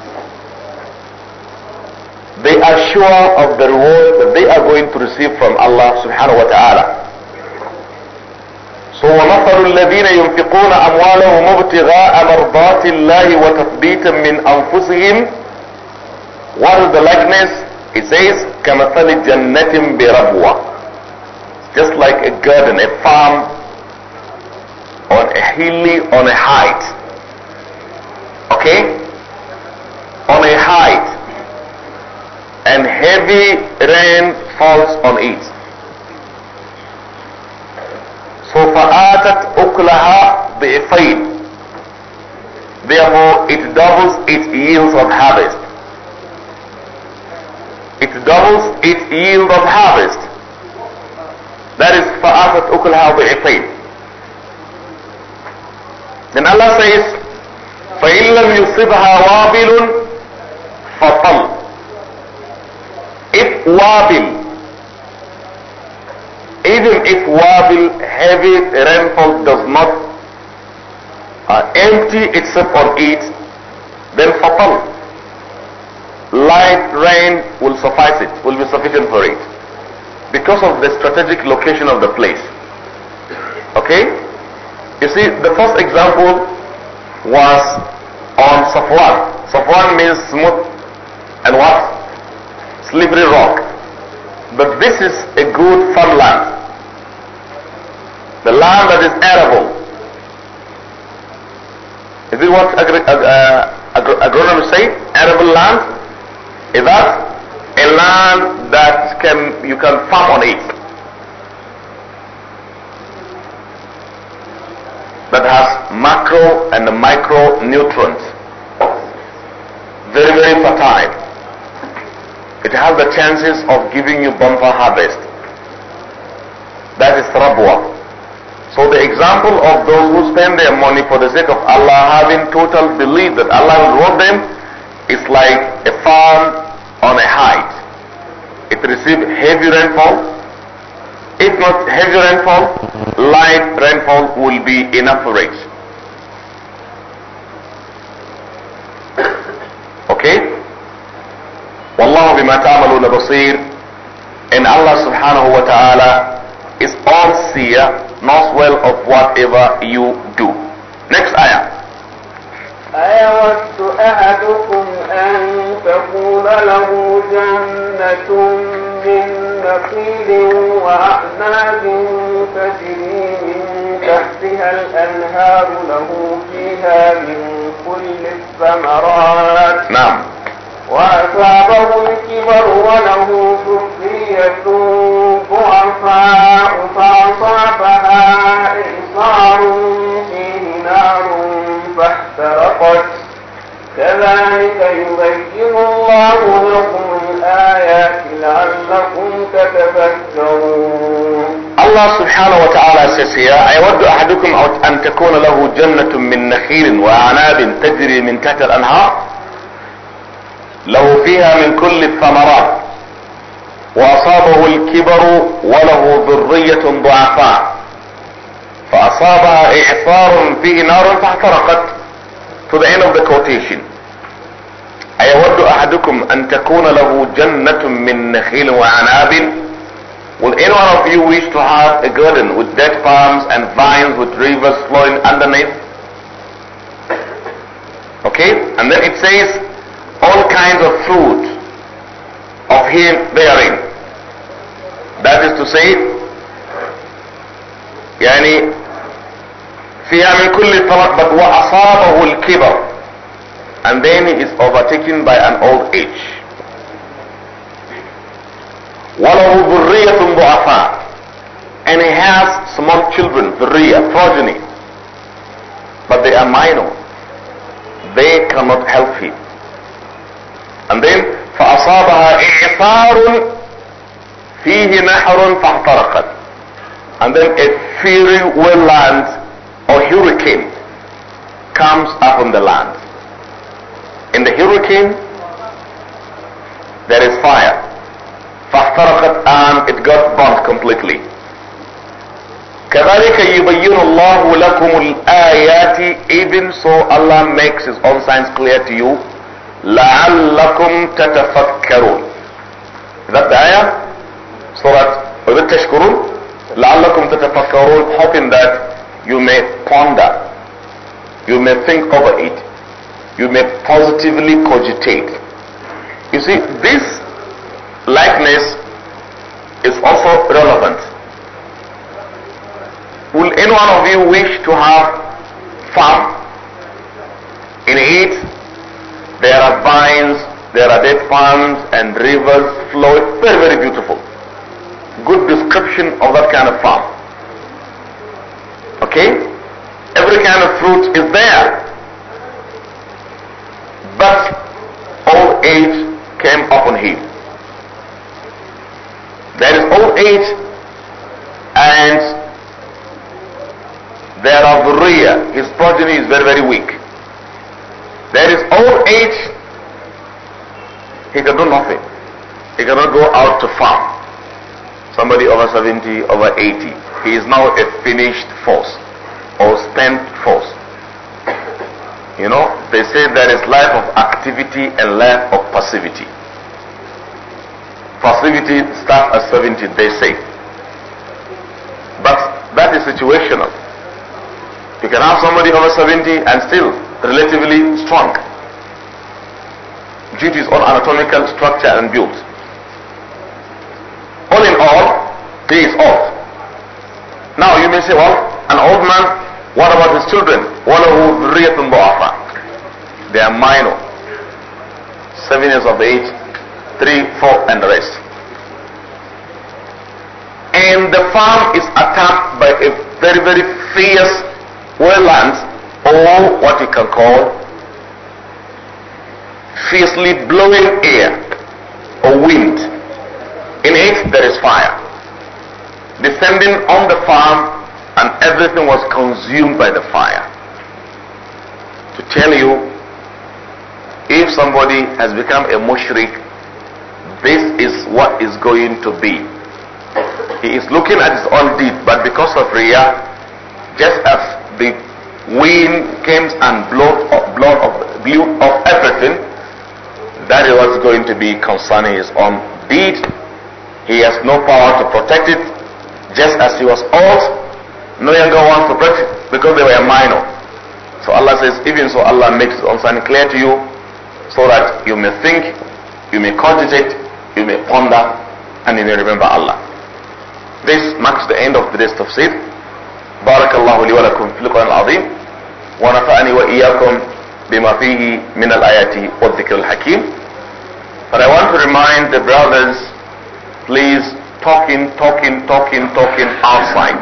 they are sure of the reward that they are going to receive from Allah subhanahu wa ta'ala. So ومثل الذين ينفقون أموالهم ابتغاء مرضات الله وتثبيتا من أنفسهم What is the likeness? It says كمثل جنة بربوة Just like a garden, a farm on a hilly, on a height. Okay? On a height and heavy rain falls on it. So فَآتَتْ أُكْلَهَا بِإِفَيْنِ Therefore, it doubles its yield of harvest. It doubles its yield of harvest. That is فَآتَتْ أُكْلَهَا بِإِفَيْنِ Then Allah says, فَإِن لَّمْ يُصِبْهَا وَابِلٌ فَطَلٌّ Iqwabil. Even if wabil, heavy rainfall does not uh, empty itself on it, then fatal. Light rain will suffice it, will be sufficient for it. Because of the strategic location of the place. Okay? You see, the first example was on Safwan. Safwan means smooth and what? slippery rock. But this is a good farmland. The land that is arable. Is it what agri- ag- uh, agro- agronomists say? Arable land? Is that a land that can you can farm on it? That has macro and micro nutrients. Very, very fertile. It has the chances of giving you bumper harvest. That is rabwa. So the example of those who spend their money for the sake of Allah having total belief that Allah will reward them is like a farm on a height. It receives heavy rainfall. If not heavy rainfall, light rainfall will be enough for it. <coughs> Okay? والله بما تعملون بصير ان الله سبحانه وتعالى is all seer knows well of whatever you do next ayah أيود أحدكم أن تكون له جنة من نخيل وأعناب تجري من تحتها الأنهار له فيها من كل الثمرات نعم وأصابه الكبر وله ذرية ضعفاء فأصابها إنصار فيه نار فاحترقت كذلك يبين الله لكم الآيات لعلكم تتفكرون الله سبحانه وتعالى سيسيا أيود أحدكم أن تكون له جنة من نخيل وأعناب تجري من تحت الأنهار له فيها من كل الثمرات واصابه الكبر وله ذرية ضعفاء فاصابها اعصار فيه نار فاحترقت to the end of the quotation ايود احدكم ان تكون له جنة من نخيل وعناب Will any one of you wish to have a garden with dead palms and vines with rivers flowing underneath? Okay, and then it says, kinds of fruit of him bearing. That is to say, يعني فيها من كل الثمرات but وأصابه الكبر and then he is overtaken by an old age. وله ذرية ضعفاء and he has small children, ذرية, progeny, but they are minor. They cannot help him. And then فأصابها إعصار فيه نحر فاحترقت. And then a fiery wind, or hurricane comes upon the land. In the hurricane, there is fire. فاحترقت and it got burnt completely. كذلك يبين الله لكم الآيات even so Allah makes his own signs clear to you لعلكم تتفكرون Is that the ayah? Surah, لعلكم تتفكرون hoping that you may ponder, you may think over it, you may positively cogitate. You see, this likeness is also relevant. Will any one of you wish to have farm in it there are vines, there are date palms and rivers flow. Very, very beautiful. Good description of that kind of farm. Okay? Every kind of fruit is there. But old age came upon him. There is old age and there are the rear. His progeny is very, very weak. There is old age, he can do nothing. He cannot go out to farm. Somebody over 70, over 80, he is now a finished force or spent force. You know, they say there is life of activity and life of passivity. Passivity starts at 70, they say. But that is situational. You can have somebody over 70 and still relatively strong due to its own anatomical structure and build. All in all, he is old. Now you may say, well, an old man, what about his children? وَلَهُ ذُرِّيَّةٌ ضَعَفَةٌ They are minor. Seven years of age, three, four, and the rest. And the farm is attacked by a very, very fierce warlords or what you can call fiercely blowing air or wind. In it there is fire. Descending on the farm and everything was consumed by the fire. To tell you, if somebody has become a mushrik, this is what is going to be. He is looking at his own deed, but because of Riyah, just as the wind came and blood of blood of, blew of everything, that is what's going to be concerning his own deed. He has no power to protect it, just as he was old, no younger ones to protect it because they were minor. So Allah says, even so Allah makes his own sign clear to you so that you may think, you may cogitate, you may ponder, and you may remember Allah. This marks the end of the of tafsir. بارك الله لي ولكم في القرآن العظيم ونفعني وإياكم بما فيه من الآيات والذكر الحكيم But I want to remind the brothers, please talking, talking, talking, talking outside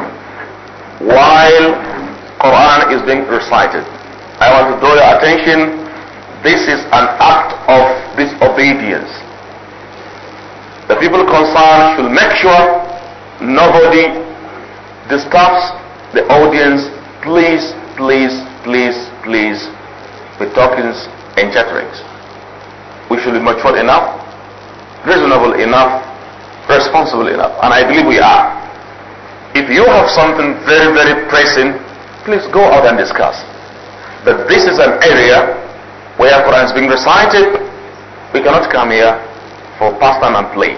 while Quran is being recited. I want to draw your attention. This is an act of disobedience. The people concerned should make sure nobody disturbs the audience, please, please, please, please be talking and chattering. We should be mature enough, reasonable enough, responsible enough. And I believe we are. If you have something very, very pressing, please go out and discuss. But this is an area where Quran is being recited. We cannot come here for pastime and play.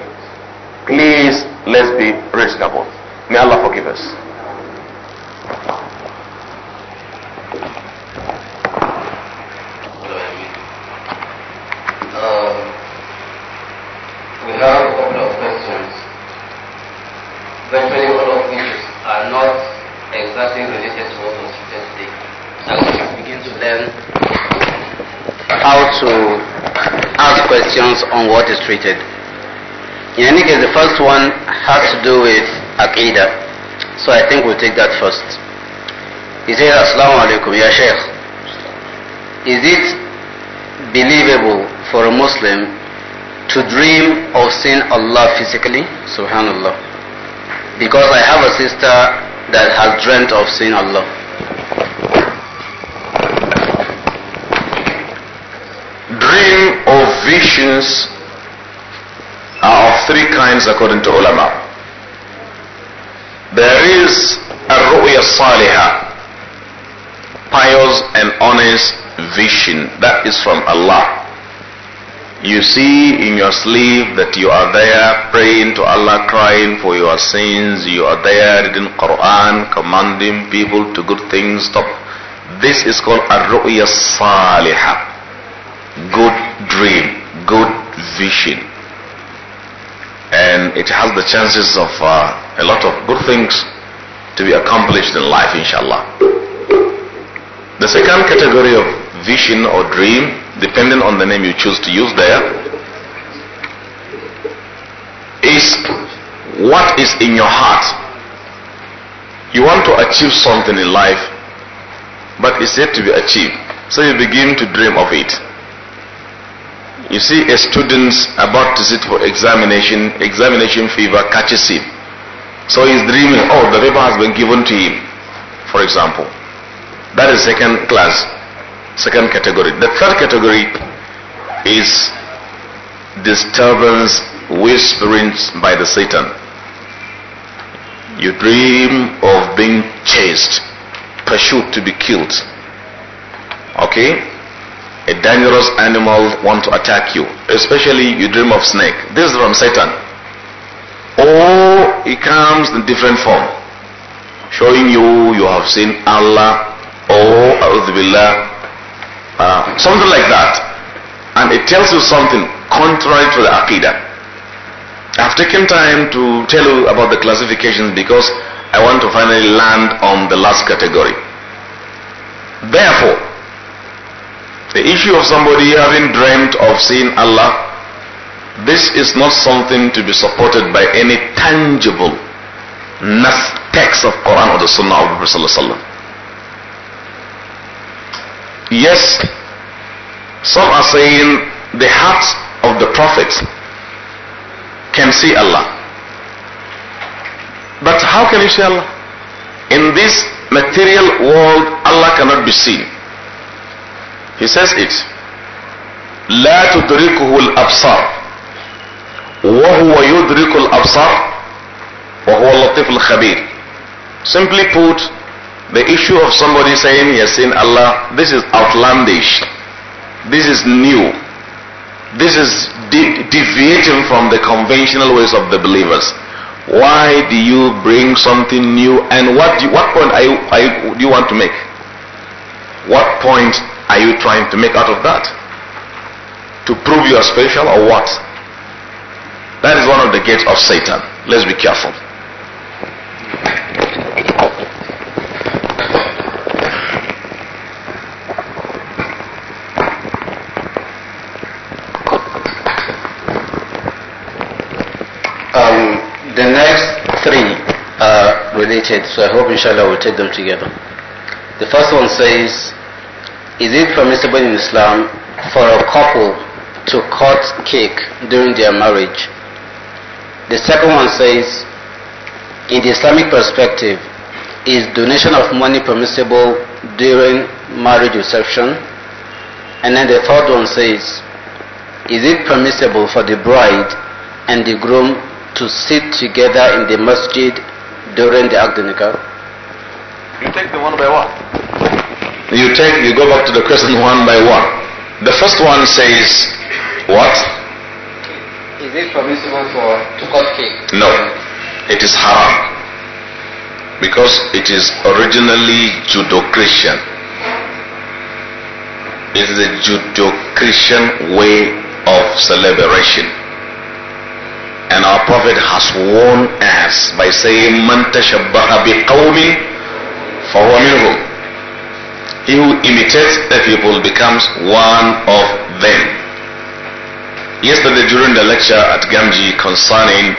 first one has to do with Aqidah. So I think we'll take that first. He said, Assalamu alaikum, Ya Sheikh. Is it believable for a Muslim to dream of seeing Allah physically? Subhanallah. Because I have a sister that has dreamt of seeing Allah. Dream of visions three kinds according to ulama. There a al-ru'ya salihah, pious and honest vision. That is from Allah. You see in your sleep that you are there praying to Allah, crying for your sins. You are there reading Quran, commanding people to good things. Stop. This is called a ruya salihah. Good dream, good vision it has the chances of uh, a lot of good things to be accomplished in life, inshallah. The second category of vision or dream, depending on the name you choose to use there, is what is in your heart. You want to achieve something in life, but it's yet to be achieved. So you begin to dream of it. You see a student about to sit for examination, examination fever catches him. So he's dreaming, oh, the paper has been given to him, for example. That is second class, second category. The third category is disturbance whisperings by the Satan. You dream of being chased, pursued to be killed. Okay? a dangerous animal want to attack you, especially you dream of snake. This is from Satan. Or it comes in different form, showing you you have seen Allah or uh, something like that. And it tells you something contrary to the Aqidah. I've taken time to tell you about the classifications because I want to finally land on the last category. Therefore, the issue of somebody having dreamt of seeing Allah, this is not something to be supported by any tangible nas text of Quran or the Sunnah of the Prophet. Yes, some are saying the hearts of the prophets can see Allah. But how can you see Allah? In this material world, Allah cannot be seen. He says it. لا تدركه الأبصار وهو يدرك الأبصار وهو اللطيف الخبير. Simply put, the issue of somebody saying he has seen Allah, this is outlandish. This is new. This is deviating from the conventional ways of the believers. Why do you bring something new and what, do you, what point are you, are you, do you want to make? What point are you trying to make out of that? To prove you are special or what? That is one of the gates of Satan. Let's be careful. Um, the next three are related, so I hope inshallah we'll take them together. The first one says, is it permissible in Islam for a couple to cut cake during their marriage? The second one says, in the Islamic perspective, is donation of money permissible during marriage reception? And then the third one says, is it permissible for the bride and the groom to sit together in the masjid during the Agdanika? You take them one by one. You take, you go back to the question <laughs> one by one. The first one says, what? Is it permissible for to cut cake? No, it is haram because it is originally Judo-Christian. It is a Judo-Christian way of celebration. And our Prophet has warned us by saying, Man tashabbaha biqawmin fahuwa minhum. He who imitates the people becomes one of them. Yesterday during the lecture at Gamji concerning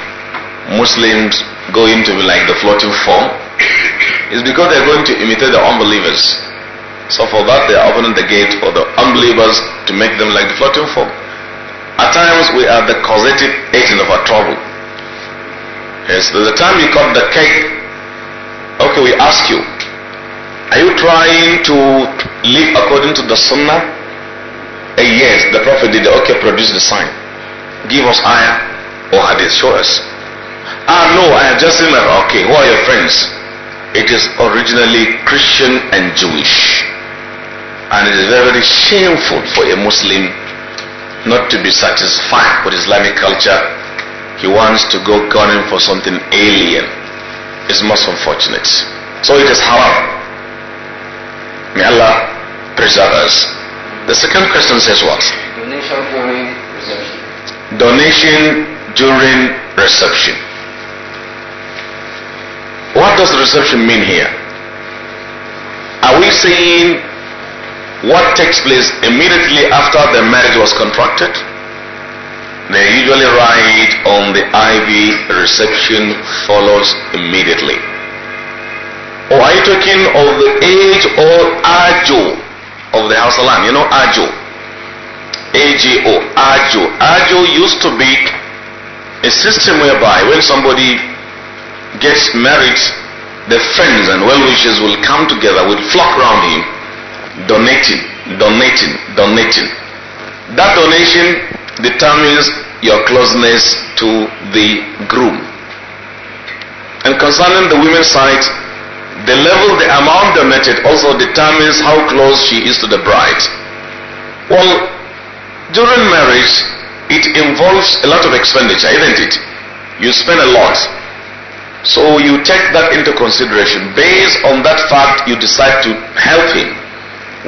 Muslims going to be like the floating form, it's because they're going to imitate the unbelievers. So for that they are opening the gate for the unbelievers to make them like the floating form. At times we are the causative agent of our trouble. Yes, the time you cut the cake. Okay, we ask you, are you trying to live according to the sunnah? Uh, yes, the prophet did. Okay, produce the sign. Give us ayah or hadith. Show us. Ah, no, I have just that. Okay, who are your friends? It is originally Christian and Jewish. And it is very, very shameful for a Muslim not to be satisfied with Islamic culture. He wants to go gunning for something alien. It's most unfortunate. So it is haram. May Allah preserve us. The second question says what? Donation during reception. Donation during reception. What does reception mean here? Are we saying what takes place immediately after the marriage was contracted? They usually write on the IV reception follows immediately or are you talking of the age or ajo of the house alarm? You know ajo. A-G-O, ajo. Ajo used to be a system whereby when somebody gets married, the friends and well-wishers will come together, will flock around him, donating, donating, donating. That donation determines your closeness to the groom. And concerning the women's side, the level, the amount donated also determines how close she is to the bride. Well, during marriage, it involves a lot of expenditure, isn't it? You spend a lot. So you take that into consideration. Based on that fact, you decide to help him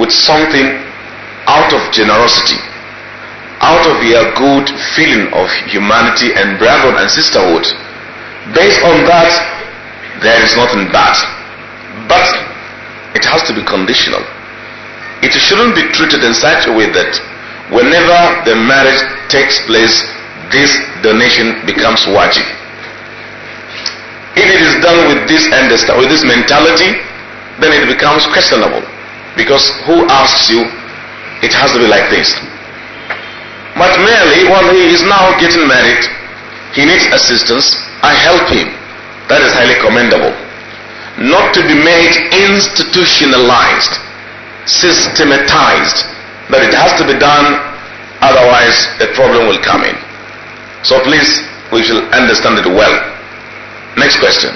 with something out of generosity, out of your good feeling of humanity and brotherhood and sisterhood. Based on that, there is nothing bad. But it has to be conditional. It shouldn't be treated in such a way that whenever the marriage takes place, this donation becomes wajib. If it is done with this understand with this mentality, then it becomes questionable. Because who asks you? It has to be like this. But merely while he is now getting married, he needs assistance. I help him. That is highly commendable not to be made institutionalized, systematized, but it has to be done, otherwise a problem will come in. So please, we shall understand it well. Next question. <clears throat>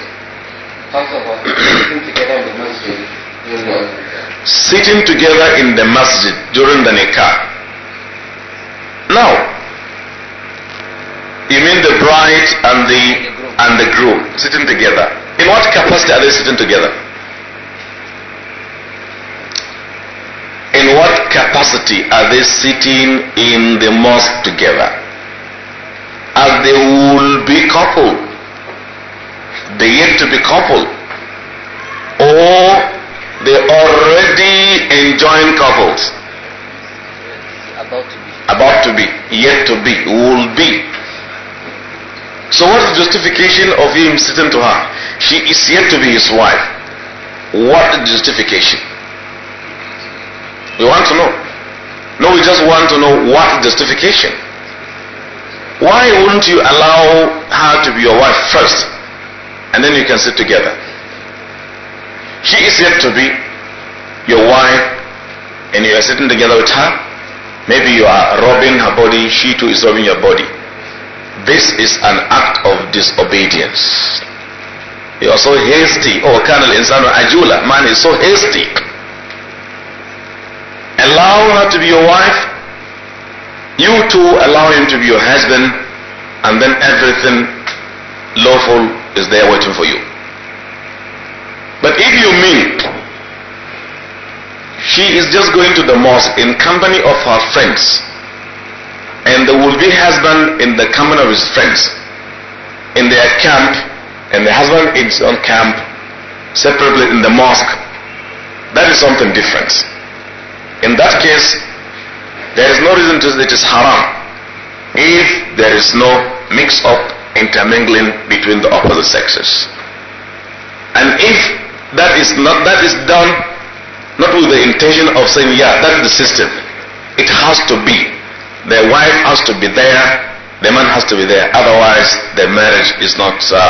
Sitting together in the masjid during the nikah. Now, you mean the bride and the and the groom sitting together. In what capacity are they sitting together? In what capacity are they sitting in the mosque together? As they will be coupled, they yet to be coupled, or they already enjoying couples. About to be. About to be, yet to be, will be. So what is the justification of him sitting to her? She is yet to be his wife. What the justification? We want to know. No, we just want to know what justification. Why wouldn't you allow her to be your wife first? And then you can sit together. She is yet to be your wife and you are sitting together with her. Maybe you are robbing her body, she too is robbing your body. This is an act of disobedience. You are so hasty. Oh, Colonel Insano Ajula, man is so hasty. Allow her to be your wife. You too allow him to be your husband. And then everything lawful is there waiting for you. But if you mean she is just going to the mosque in company of her friends, and the would-be husband in the company of his friends in their camp and the husband in his own camp separately in the mosque that is something different in that case there is no reason to say it is haram if there is no mix-up intermingling between the opposite sexes and if that is not that is done not with the intention of saying yeah that's the system it has to be the wife has to be there, the man has to be there. Otherwise, the marriage is not uh,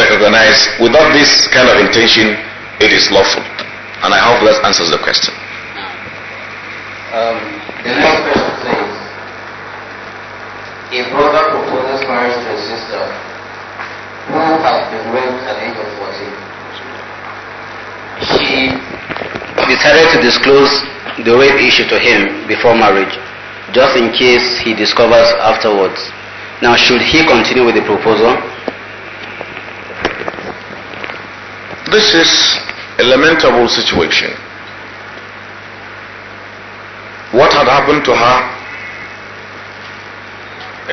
recognized. Without this kind of intention, it is lawful. And I hope that answers the question. Um, the next question says, a brother proposes marriage to a sister who has been raped at the age of 14. She decided to disclose the rape issue to him before marriage just in case he discovers afterwards. Now, should he continue with the proposal? This is a lamentable situation. What had happened to her,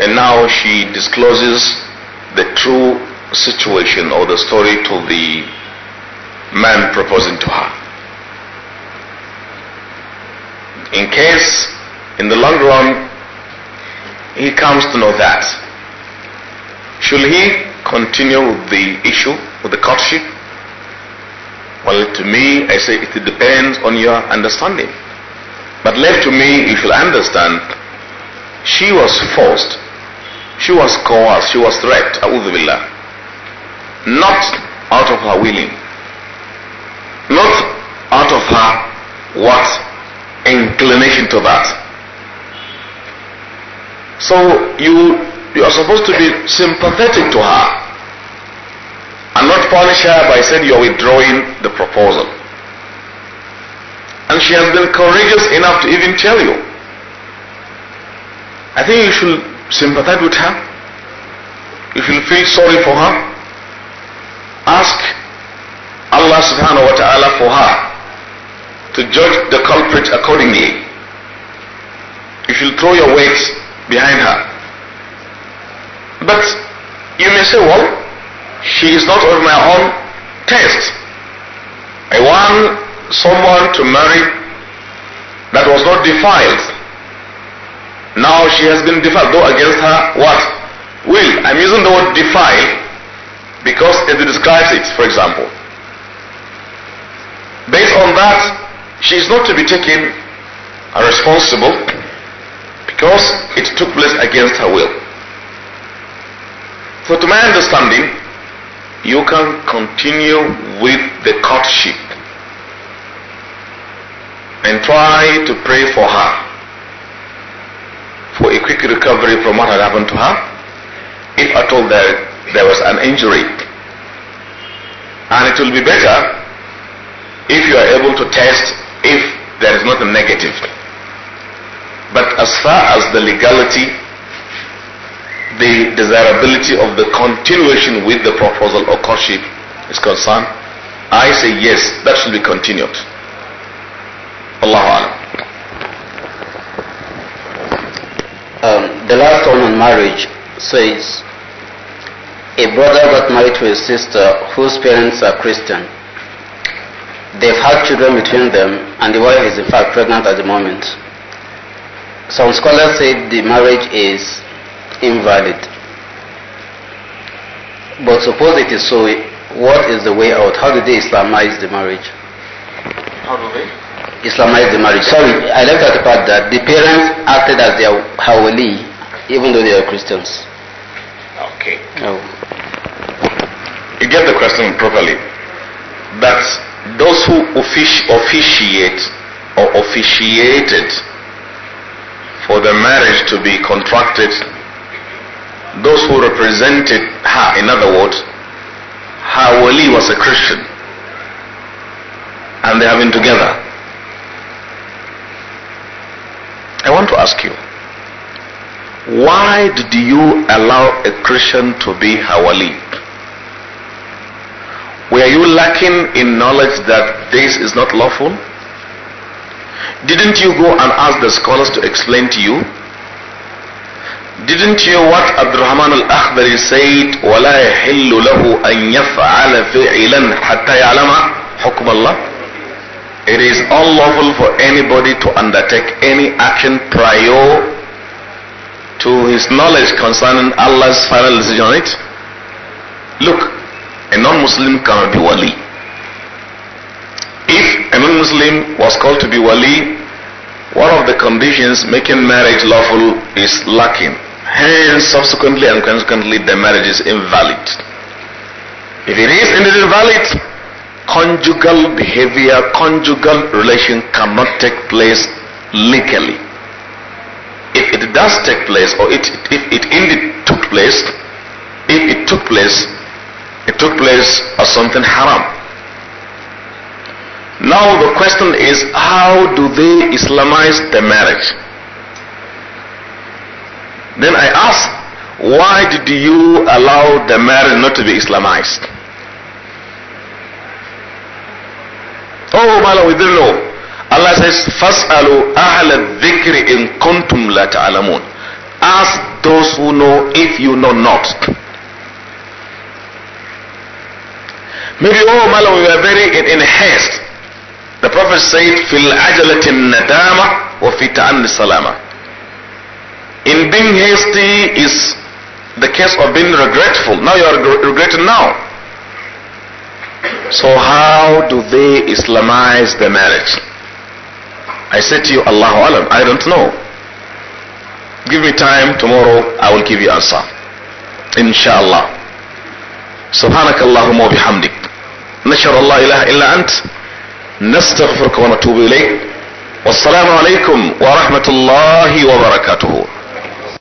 and now she discloses the true situation or the story to the man proposing to her. In case in the long run, he comes to know that. Should he continue with the issue, with the courtship? Well, to me, I say it depends on your understanding. But left to me, you should understand, she was forced, she was coerced, she was raped, billah. Not out of her willing, not out of her what inclination to that. So you you are supposed to be sympathetic to her and not punish her by saying you are withdrawing the proposal. And she has been courageous enough to even tell you. I think you should sympathize with her. You should feel sorry for her. Ask Allah subhanahu wa ta'ala for her to judge the culprit accordingly. You should throw your weight behind her. But you may say, well, she is not of my own taste. I want someone to marry that was not defiled. Now she has been defiled, though against her what? Will. I'm using the word defile because it describes it, for example. Based on that, she is not to be taken responsible because it took place against her will. So to my understanding, you can continue with the courtship and try to pray for her for a quick recovery from what had happened to her. If at all there, there was an injury. And it will be better if you are able to test if there is nothing negative. But as far as the legality, the desirability of the continuation with the proposal or courtship is concerned, I say yes, that should be continued. Allahu Alam. Um, the last one on marriage says, a brother got married to a sister whose parents are Christian. They've had children between them, and the wife is in fact pregnant at the moment some scholars say the marriage is invalid. But suppose it is so, what is the way out? How do they Islamize the marriage? How do they? Islamize the marriage. Sorry, I left out the part that the parents acted as their hawali, even though they are Christians. Okay. Oh. You get the question properly. That those who offici- officiate or officiated for the marriage to be contracted, those who represented her, in other words, her wali was a Christian. And they have been together. I want to ask you, why did you allow a Christian to be her wali? Were you lacking in knowledge that this is not lawful? Didn't you go and ask the scholars to explain to you? Didn't you what Abdurrahman al akhbari said, وَلَا يَحِلُّ لَهُ أَن يَفْعَلَ فِعِلًا حَتَّى يَعْلَمَ حُكْمَ اللَّهِ It is unlawful for anybody to undertake any action prior to his knowledge concerning Allah's final decision on it. Look, a non-Muslim cannot be wali. If a non-Muslim was called to be wali, one of the conditions making marriage lawful is lacking. Hence, subsequently and consequently, the marriage is invalid. If it is indeed invalid, conjugal behavior, conjugal relation cannot take place legally. If it does take place, or it, if it indeed took place, if it took place, it took place as something haram. Now the question is how do they Islamize the marriage? Then I ask, why did you allow the marriage not to be Islamized? Oh, Lord, we didn't know. Allah says, فَاسْأَلُوا أَهْلَ الذِّكْرِ إِن كُنْتُمْ لَا تَعْلَمُونَ Ask those who know if you know not. Maybe, oh, Mala, we were very in, in haste. The Prophet said, Fil ajalatin nadama wa fitan salama. In being hasty is the case of being regretful. Now you are regretting now. So how do they Islamize the marriage? I said to you, Allahu Alam, I don't know. Give me time, tomorrow I will give you answer. Inshallah. سبحانك اللهم وبحمدك نشهد الله illa إلا نستغفرك ونتوب اليك والسلام عليكم ورحمة الله وبركاته